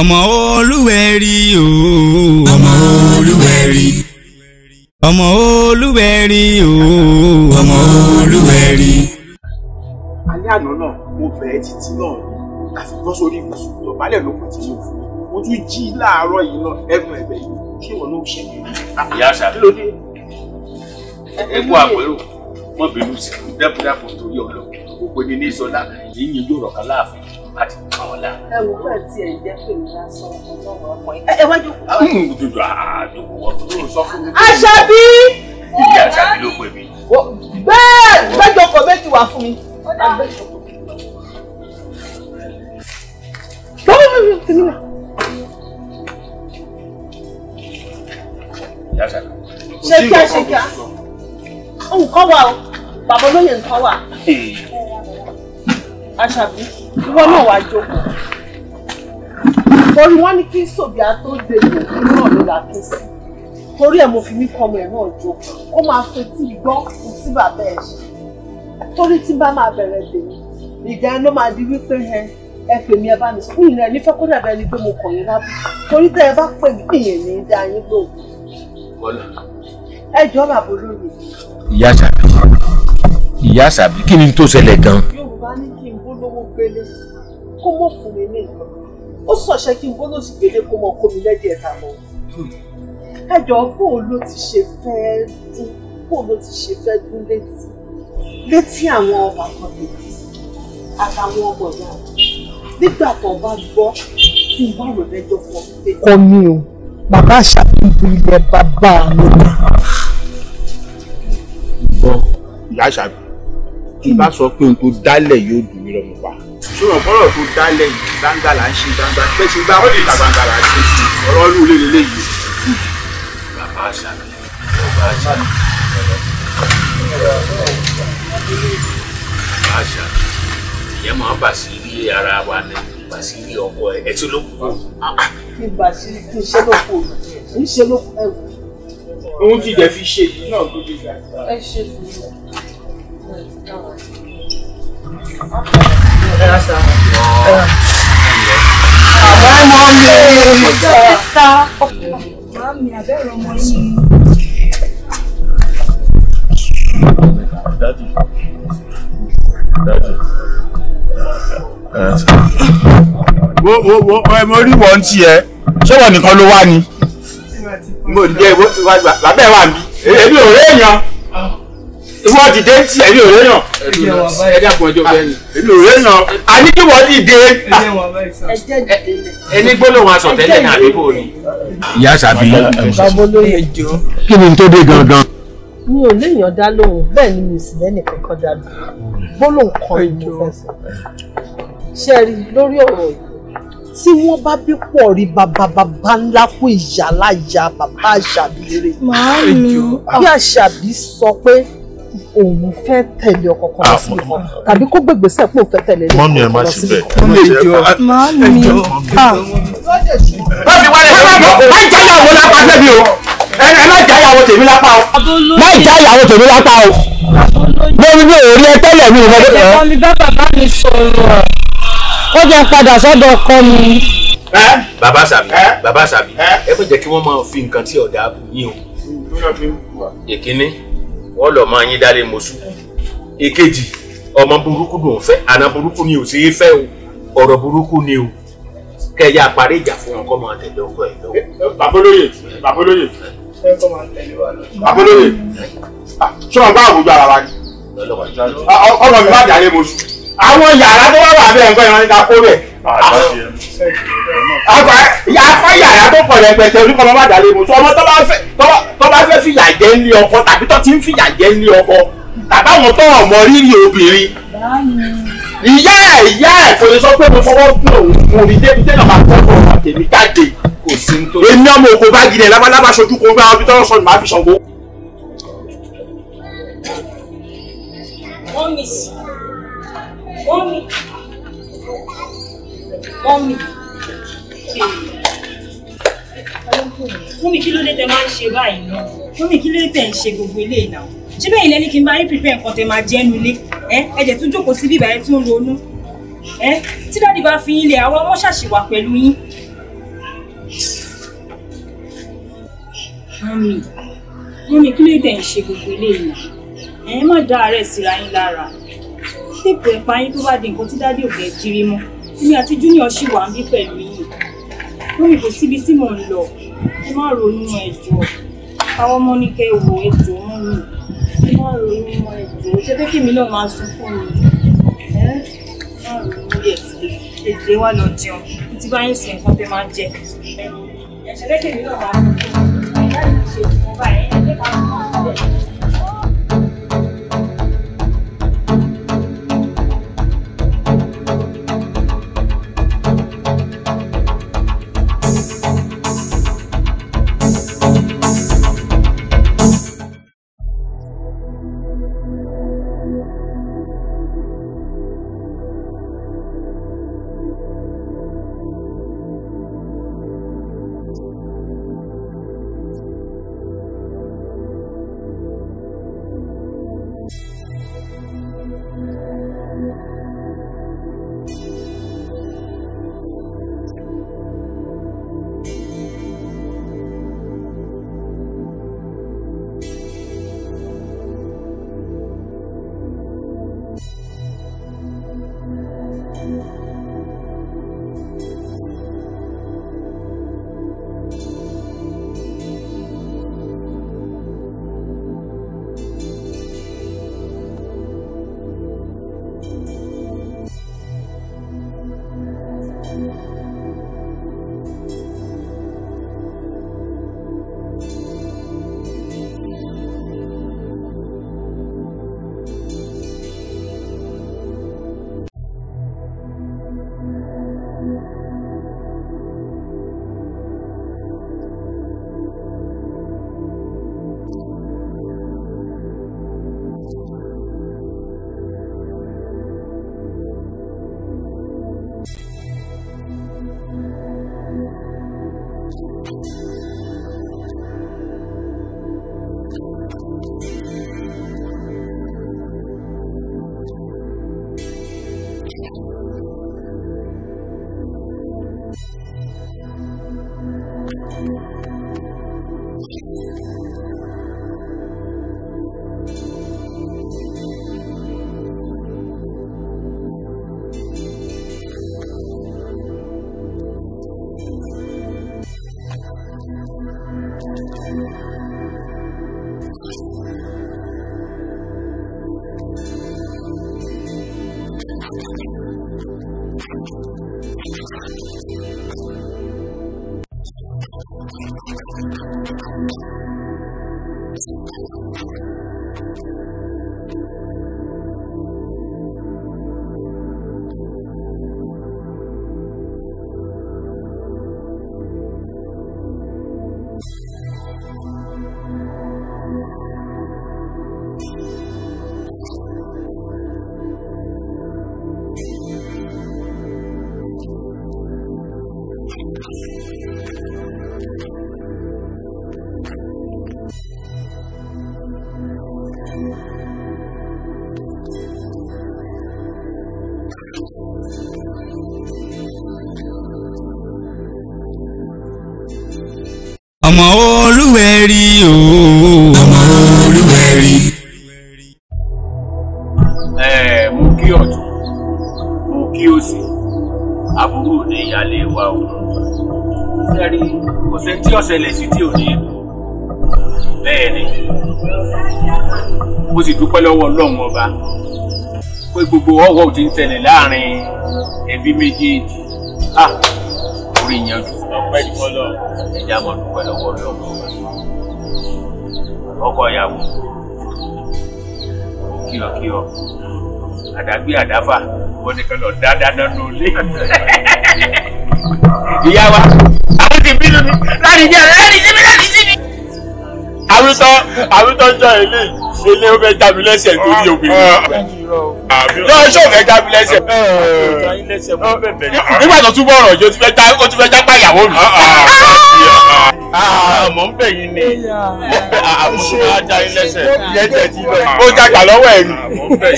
Speaker 7: ọmọ olúwẹ̀rí
Speaker 2: o. ọmọ olúwẹ̀rí. ọmọ olúwẹ̀rí
Speaker 15: o. ọmọ olúwẹ̀rí.
Speaker 6: alẹ́ àná náà mo bẹ̀ẹ́ títí náà àfi gbọ́ sórí ibùsùn tó balẹ̀ ló kù tí yóò fún mi mo tún jí
Speaker 3: láàárọ̀ yìí náà ẹ̀gbọ́n ẹ̀gbẹ́ yìí kí wọn ló ṣe mí. ìyá àṣà kí ló dé ẹkú àpérò wọn bínú sí dẹkùdàpọ̀ torí ọlọ gbogbo ẹni ní ìsọlá yìí yìí yóò rọ̀ká láàfin láti ọ̀la.
Speaker 4: ẹ wò pé tí ẹ jẹ́ pé mi lásán ọlọ́run ọkàn yìí. ẹ wá
Speaker 3: jókòó. Hmm, dùdù
Speaker 4: àdùkù ah, ah, ọ̀tún ló sọ fún mi. àṣàbí. ìyá bàbá olóyè nǹkan wà. Hmm. àṣàbí ìwọ náà wàá jókòó torí wọ́n ní kí sòbí a tó dé ìlú náà ló la ké sí torí ẹ̀ mo fi mí kọmọ ẹ̀ náà jó kó máa fetí gbọ́ kù sí bàbá ẹ̀ ṣe torí tí bá máa bẹ̀rẹ̀ dèmi ìgbà ẹ̀ ló máa di wípé ẹ ẹ pè mí ẹ bá mi sọ ìrìn ẹ̀ nífẹ̀ẹ́ kó dàbẹ̀ ni pé mo kàn yín lábẹ́ torí tẹ́ ẹ bá pè mí ìyẹn ní í yín lóògùn. ẹ jọ bàbá olóyè.
Speaker 3: ìyá sàbí ìyá sàbí kí ni tó ṣẹlẹ̀ gan-an.
Speaker 4: yorùbá ní kí lówó gbélé kó mọ̀ fún mi ní nǹkan ó sọ̀ṣẹ́ kí n bó ló ti gbélé kó mọ̀ kó mi lẹ́dí ẹ̀ta mọ́ ẹjọ́ bó ló ti ṣe fẹ́ dún bó ló ti ṣe fẹ́ dún létí létí àwọn ọba kan lèyí àtàwọn ọmọ ìyá nígbà tó bá gbọ́ tí n bá rò lẹ́jọ́ fún mi. kọ́ mi o bàbá àṣàkíyèsí ilẹ̀ bàbá mi.
Speaker 9: gbọ́ ìyá àṣàbí tí bá sọ pé ohun tó dálẹ̀ yóò dùn mí
Speaker 16: lọ́mọ
Speaker 6: pa. ṣùgbọ́n ọ̀pọ̀lọ̀ tó dálẹ̀ yìí gbangba ń ṣe gbangba pé ṣe gbá wọ́n ìta gbangba là ṣe sí
Speaker 13: ọ̀rọ̀ ọlú ilé yìí.
Speaker 3: bàbá àṣàlẹ̀ bàbá àṣàlẹ̀ bàbá àṣàlẹ̀ ìyẹn máa ń bà sí ilé ara wa ní bà sí ilé ọkọ ẹ tí ló kù.
Speaker 4: kí n bà sí kí n ṣe ló kù ń ṣe ló kù ohun tí ìjẹ́ fi ṣe yìí náà ló dé gbà. ẹ ṣe fún mi. Bàbá
Speaker 15: mọ́ mi.
Speaker 8: Sísá. Màámi
Speaker 7: àbẹ̀rẹ̀ ẹ
Speaker 13: mo rí wọ́n ti ẹ. Ṣé
Speaker 6: wọ́n nìkan ló wá ni? Mo jẹ́ ìwádìí bàbá ẹ̀ wà mí. Èmi ò rí èèyàn ìwọ dìde ń tiẹ̀ mi ò rẹ́ yàn ẹ dàpọ̀ ẹjọ́ bẹ́ẹ̀ ni èmi ò rẹ́ yàn àní kí wọ́n dìde
Speaker 4: ẹni gbólóhùn aṣọ tẹ́lẹ̀ ní àdébò ni.
Speaker 12: ìyá sàbí kí ni tó dé gangan.
Speaker 4: mi ò léèyàn dá lóhùn bẹ́ẹ̀ ni mi ò sì lẹ́nì kankan dá lóhùn gbólóhùn kan ni mo fẹ́ sọ ṣe rí lórí ọ̀rọ̀ yìí tí wọ́n bá bí pọ̀ rí bàbá bàbá ńlá fún ìyá láyà bàbá àṣàbí rè kí àṣàbí sọ pé òun fẹ́ tẹ̀lé ọkọ kan lọ sí ìbọn tàbí kó gbègbèsè pé òun fẹ́ tẹ̀lé ọkọ kan lọ sí ìbọn. mọ́mí ẹ má ṣe bẹ́ẹ̀. mọ́mí ká. bábí wálé ṣe é má já ìyàwó lápá tẹ̀mí o
Speaker 13: ẹ má já ìyàwó tèmi lápá o
Speaker 4: má já ìyàwó tèmi lápá o lórí mi ò rí ẹ tẹ́lẹ̀ mi ò mọ̀ bẹ́ẹ̀. ẹ̀fọ́ mi bá bàbá mi
Speaker 5: sọ̀rọ̀ ó jẹ́ padà sọ́dọ̀ ọkọ mi.
Speaker 3: bàbá sàmì bàbá sàmì ẹ má jẹ́ kí wọ́n máa fi nǹkan tí ọ̀dà yín o. èkíní wọ́n lọ máa yín dálé mọ́sù èkejì ọmọ burúkú ló ń fẹ́ àná burúkú ni ò sí í fẹ́ o ọ̀rọ̀ burúkú ni o kẹyà parí ìjà fún wọn kọ́ máa tẹ̀lé ọkọ ẹ̀ lọ́wọ́. babolóye babolóye babolóye
Speaker 6: ah, ṣé wọn bá àwùjọ ara wa ni ah, ọmọ mi má dàlé mọ́sù
Speaker 4: àwọn yàrá tó wà
Speaker 6: wà bẹ́ẹ̀ nǹkan ìrántí ta kó bẹ̀.
Speaker 4: àpá yàrá
Speaker 6: tó pọ̀ rẹpẹtẹ oníkan ọmọ àdàlẹ́ mu sọ ọmọ tó bá fẹ́ fìyà jẹ nílé ọkọ tàbí tó ti ń fìyà jẹ nílé ọkọ tàbí àwọn tó ọmọ rírì obìnrin. ìyá ẹ̀ ìyá ẹ̀ kò lè sọ pé mo fọwọ́ gbé òun mo rí débi tẹ́lẹ̀ máa tọ́ ọmọ tèmi jáde. kò sí nítorí. èmi ọmọ òkú bá gidi ẹ̀ lábálábá sojú kó bá ọbí tọ́lọ́ sọ̀rọ̀ máa fi ṣàngó.
Speaker 4: Mọ́mí.
Speaker 8: Mọ́mí. Mọ́mí kí ló dé tẹ máa ń ṣe báyìí náà? Mọ́mí kí ló dé tẹ ń ṣe gbogbo ilé ìnáwó? Ṣé bẹ́ẹ̀ ilẹ̀ ní kí n bá yín prepare nǹkan tẹ máa jẹ́ nulé? Ẹ ẹ̀jẹ̀ tún jókòó sí bíbá ẹ tún ronú. Ẹ tí dáàdì bá fi yín lé àwọn ọmọ ṣàṣìwà pẹ̀lú yín. Mọ́mí mọ́mí kí ló dé tẹ ń ṣe gbogbo ilé ìnáwó? Ẹ má dá àárẹ̀ síra yín lára tètè pa yín tó bá di nǹkan tí dádì ò fẹ́ jírí mọ́ èmi àti junior ṣì wà ń bí pẹ̀lú yìí lórí kò síbi tí mò ń lọ ẹ má ronú ẹjọ́ àwọn ọmọ ní kẹ́ wò ẹjọ́ mọ mi ẹ má ronú ẹjọ́ ṣe pé kèmi náà máa sùn fún mi ẹ má ronú ẹjọ́ èdè wa lọ jẹun títí bá yín sìn nǹkan tẹ́ máa jẹ ẹ ṣe pé kèmi náà máa sùn fún mi láì ṣe ìfúnbá ẹ ẹ jẹ ká máa sùn bẹ́ẹ̀.
Speaker 7: àmọ́ olúwẹ̀rí o. àmọ́ olúwẹ̀rí.
Speaker 15: ẹ mo kí ọ̀tún
Speaker 3: mo kí òsì àbúrò ní ìyáálé wa o sẹ́rí kò sẹ́ni tí ọ̀sẹ̀ lẹ̀ sí tí ò ní bẹ́ẹ̀ ni mo sì dúpẹ́ lọ́wọ́ ọlọ́run ọba pé gbogbo ọwọ́ ti ń tẹ̀lé láàrin ẹbí méjèèjì ah orí ìyẹn jù ọpẹ́ tí wọ́n lọ. ẹ̀jẹ̀ àmọ́ dúpẹ́ lọ́wọ́ rẹ̀ ọ̀pọ̀ ọkọ̀ ìyàwó kíyọ̀kíyọ̀ àdágbé àdáfà wọ́n ní kẹ́lọ̀ dáadáa nù lé. ìyá wa àwọn ti bínú mi láti jẹ́ láti síbi láti síbi. àwùjọ àwùjọ ń jọ èlé yìí ilé ó fẹ́ já mi lẹ́sẹ̀ torí ah. obìnrin. náà ah. ṣó fẹ́ já mi lẹ́sẹ̀. nígbà tó túbọ̀ ọ̀rọ̀ yìí ó ti fẹ́ já pa ìyàwó mi. àmọ́ ah, ń bẹ̀ yín ni àmọ́ ṣe máa já yín lẹ́sẹ̀. lẹ́sẹ̀ ti lọ. ó jàgbà lọ́wọ́ ẹ̀ ni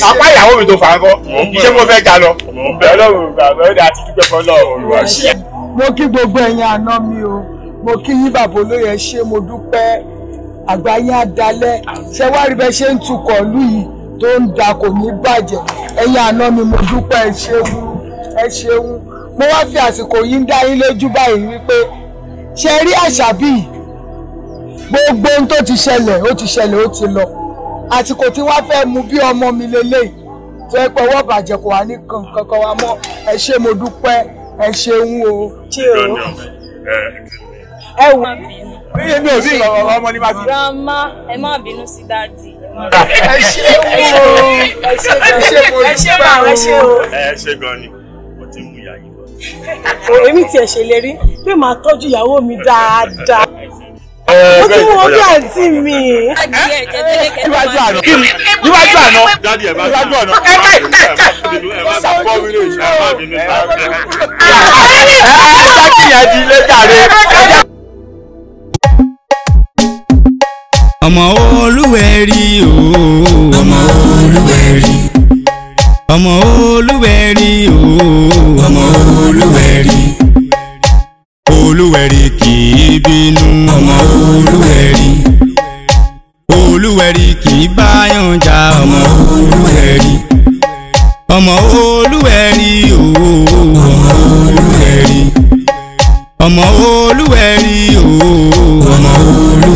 Speaker 3: apá ìyàwó mi tó fà á kọ́ ṣé mo fẹ́ já lọ.
Speaker 4: ọlọ́run
Speaker 13: bàbá ọ̀dà àti dúpẹ́ fọlọ́ọ̀
Speaker 4: mo kí gbogbo ẹ̀yin àná mi o mo kí yín bàbá olóyè ṣé mo dúpẹ́ àgbáyé adalẹ ṣe wá rí bẹ ṣe ń tukọ̀ lù yìí tó ń da kò ní bàjẹ́ ẹ̀yin àná mi mo dúpẹ́ ẹ ṣeun ẹ ṣeun mo wá fi àsìkò yìí dá yín lójú báyìí wípé ṣe rí àṣàbí gbogbo ohun tó ti ṣẹlẹ̀ ó ti ṣẹlẹ̀ ó ti lọ àsìkò tí wọ́n fẹ́ mú bí ọmọ mi lélẹ́yìí tó ẹ pé ọwọ́ kò wá ní kankan wa mọ́ ẹ ṣé mo dúpẹ́ ẹ ṣeun o. ṣé o
Speaker 14: ẹ mi ò sí ọmọ ní bá ti. grandma ẹ má bínú sí dáàdì.
Speaker 4: ẹ ṣe o ẹ ṣe mo
Speaker 9: dúpẹ́ o
Speaker 3: ẹ ṣe gan ni
Speaker 10: mo ti mú
Speaker 4: ìyá yìí lọ. èmi tiẹ̀ ṣèlérí pé màá tọ́jú ìyàwó mi
Speaker 8: dáadáa
Speaker 4: mo ti mú ojú àǹtí mi. níwájú
Speaker 8: àná níwájú àná níwájú àná. ẹ ká ẹ ká ẹ
Speaker 6: ká sọ mi ló ṣe. ẹ ká kí ẹ di ilé jàre.
Speaker 2: ọmọ olúwẹ̀rí o ọmọ olúwẹ̀rí ọmọ olúwẹ̀rí o ọmọ olúwẹ̀rí olúwẹ̀rí kì í bínú ọmọ olúwẹ̀rí olúwẹ̀rí kì í báyàn jà ọmọ olúwẹ̀rí ọmọ olúwẹ̀rí o ọmọ olúwẹ̀rí ọmọ olúwẹ̀rí o ọmọ olúwẹ̀rí.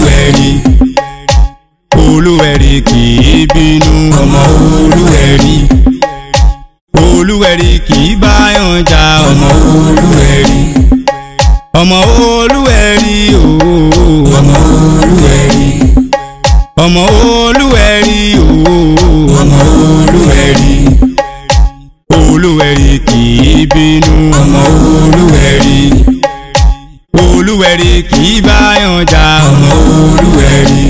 Speaker 2: kì í báyàn jà ọmọ olúwẹ̀rí ọmọ olúwẹ̀rí ooo ọmọ olúwẹ̀rí ọmọ olúwẹ̀rí ooo ọmọ olúwẹ̀rí olúwẹ̀rí kì í bínú ọmọ olúwẹ̀rí olúwẹ̀rí kì í báyàn jà ọmọ olúwẹ̀rí.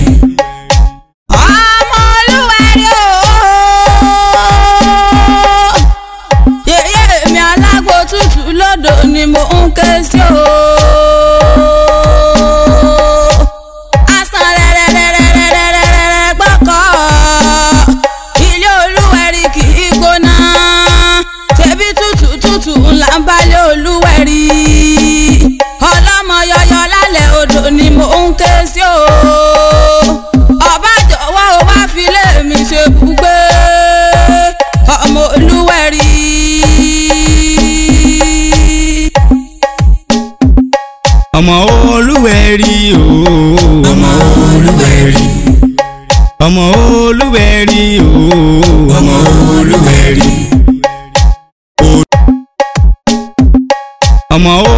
Speaker 2: ọmọ olúwẹ̀rí ooo ọmọ olúwẹ̀rí. ọmọ olúwẹ̀rí.